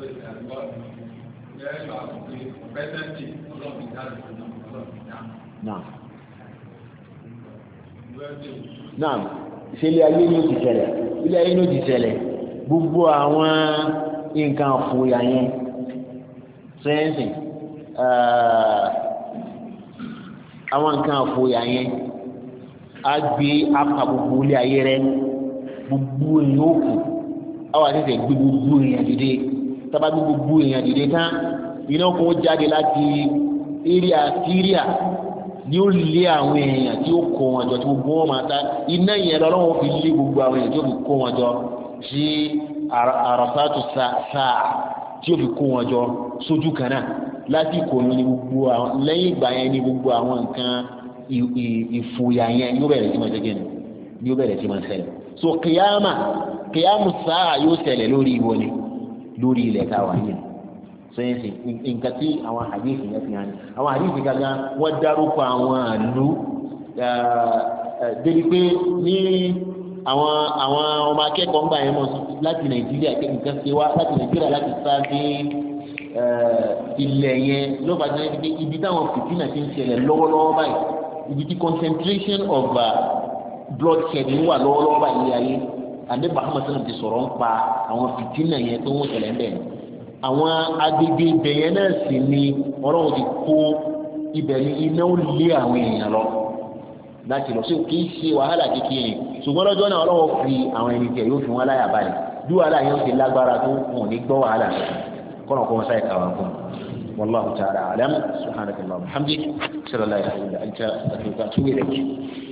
[SPEAKER 1] lọ́dọ̀ ìdàgbọ́ bẹ́ẹ̀ lọ àkókò pẹ́sẹ́ǹtì ọlọ́ọ̀bì dáàbò ọlọ́ọ̀bì dáàbò.
[SPEAKER 2] náà ṣe ilé ayé ní
[SPEAKER 1] òjì tẹ̀lẹ̀ ilé ayé ní òjì tẹ̀lẹ̀ gbogbo àwọn nǹkan fòyà yẹn sẹ́yìnsì àwọn nǹkan fòyà yẹn á gbé apá gbogbo ilé ayé rẹ gbogbo èèyàn òkú àwọn àti tẹ̀ gbé gbogbo èèyàn dídé tábà gbé gbogbo èèyàn dìde tán iná kó jáde láti area Syria ni ó lé àwọn èèyàn tí ó kó wọn jọ tí gbogbo wọn máa ta iná yẹn lọ́wọ́ fi lé gbogbo àwọn èèyàn tí ó fi kó wọn jọ sí àràfàtú sáà tí ó fi kó wọn jọ sójú kan náà lásìkò yẹn ni gbogbo àwọn lẹ́yìn ìgbà yẹn ni gbogbo àwọn nǹkan ìfòyà yẹn ni ó bẹ̀rẹ̀ sí máa ṣẹ́gi ni ó bẹ̀rẹ̀ sí máa ṣẹlẹ̀ so kìyàmà kìyàmù sáà yóò ṣẹlẹ̀ lórí ìwọlé lórí ilẹ̀ tá a wà yìí sẹ́yìn sí nǹkan tí àwọn àdìsí yẹn fi hàn ní àwọn àdìsí gangan wọ́n dárúkọ àwọn àlù débi pé ní àwọn àwọn ọmọ akẹ́kọ̀ọ́ ń gbà yẹn mọ̀ láti nàìjíríà nǹkan ṣe wá láti nàìjíríà láti sá dé ilẹ̀ yẹn ló fà sẹ́yìn pé ibi táwọn fìtínà ti ń ṣẹlẹ̀ lọ́wọ́lọ́wọ́ báyìí ibi tí concentration of blood shedding wà lọ́wọ́lọ́wọ́ báyìí ayé àdébà Muhammad sọ̀rọ̀ ti sọ̀rọ̀ ń pa àwọn fìtínà yẹn tó ń ṣẹlẹ̀ ń bẹ̀ àwọn agbègbè ibẹ̀ yẹn náà sì ni ọlọ́run ti kó ibẹ̀ ni iná ó lé àwọn èèyàn lọ láti lọ sí kì í ṣe wàhálà kékeré ṣùgbọ́n lọ́jọ́ náà ọlọ́run fi àwọn ẹni tẹ̀ yóò fi wọ́n láyà báyìí bí wàhálà yẹn ti lágbára tó wọn ò ní gbọ́ wàhálà kọ́nà kó wọn sáyẹ kàwá fún un wallahu ta'ala alam subhanahu wa ta'ala alhamdulilayi sallallahu alayhi wa sallam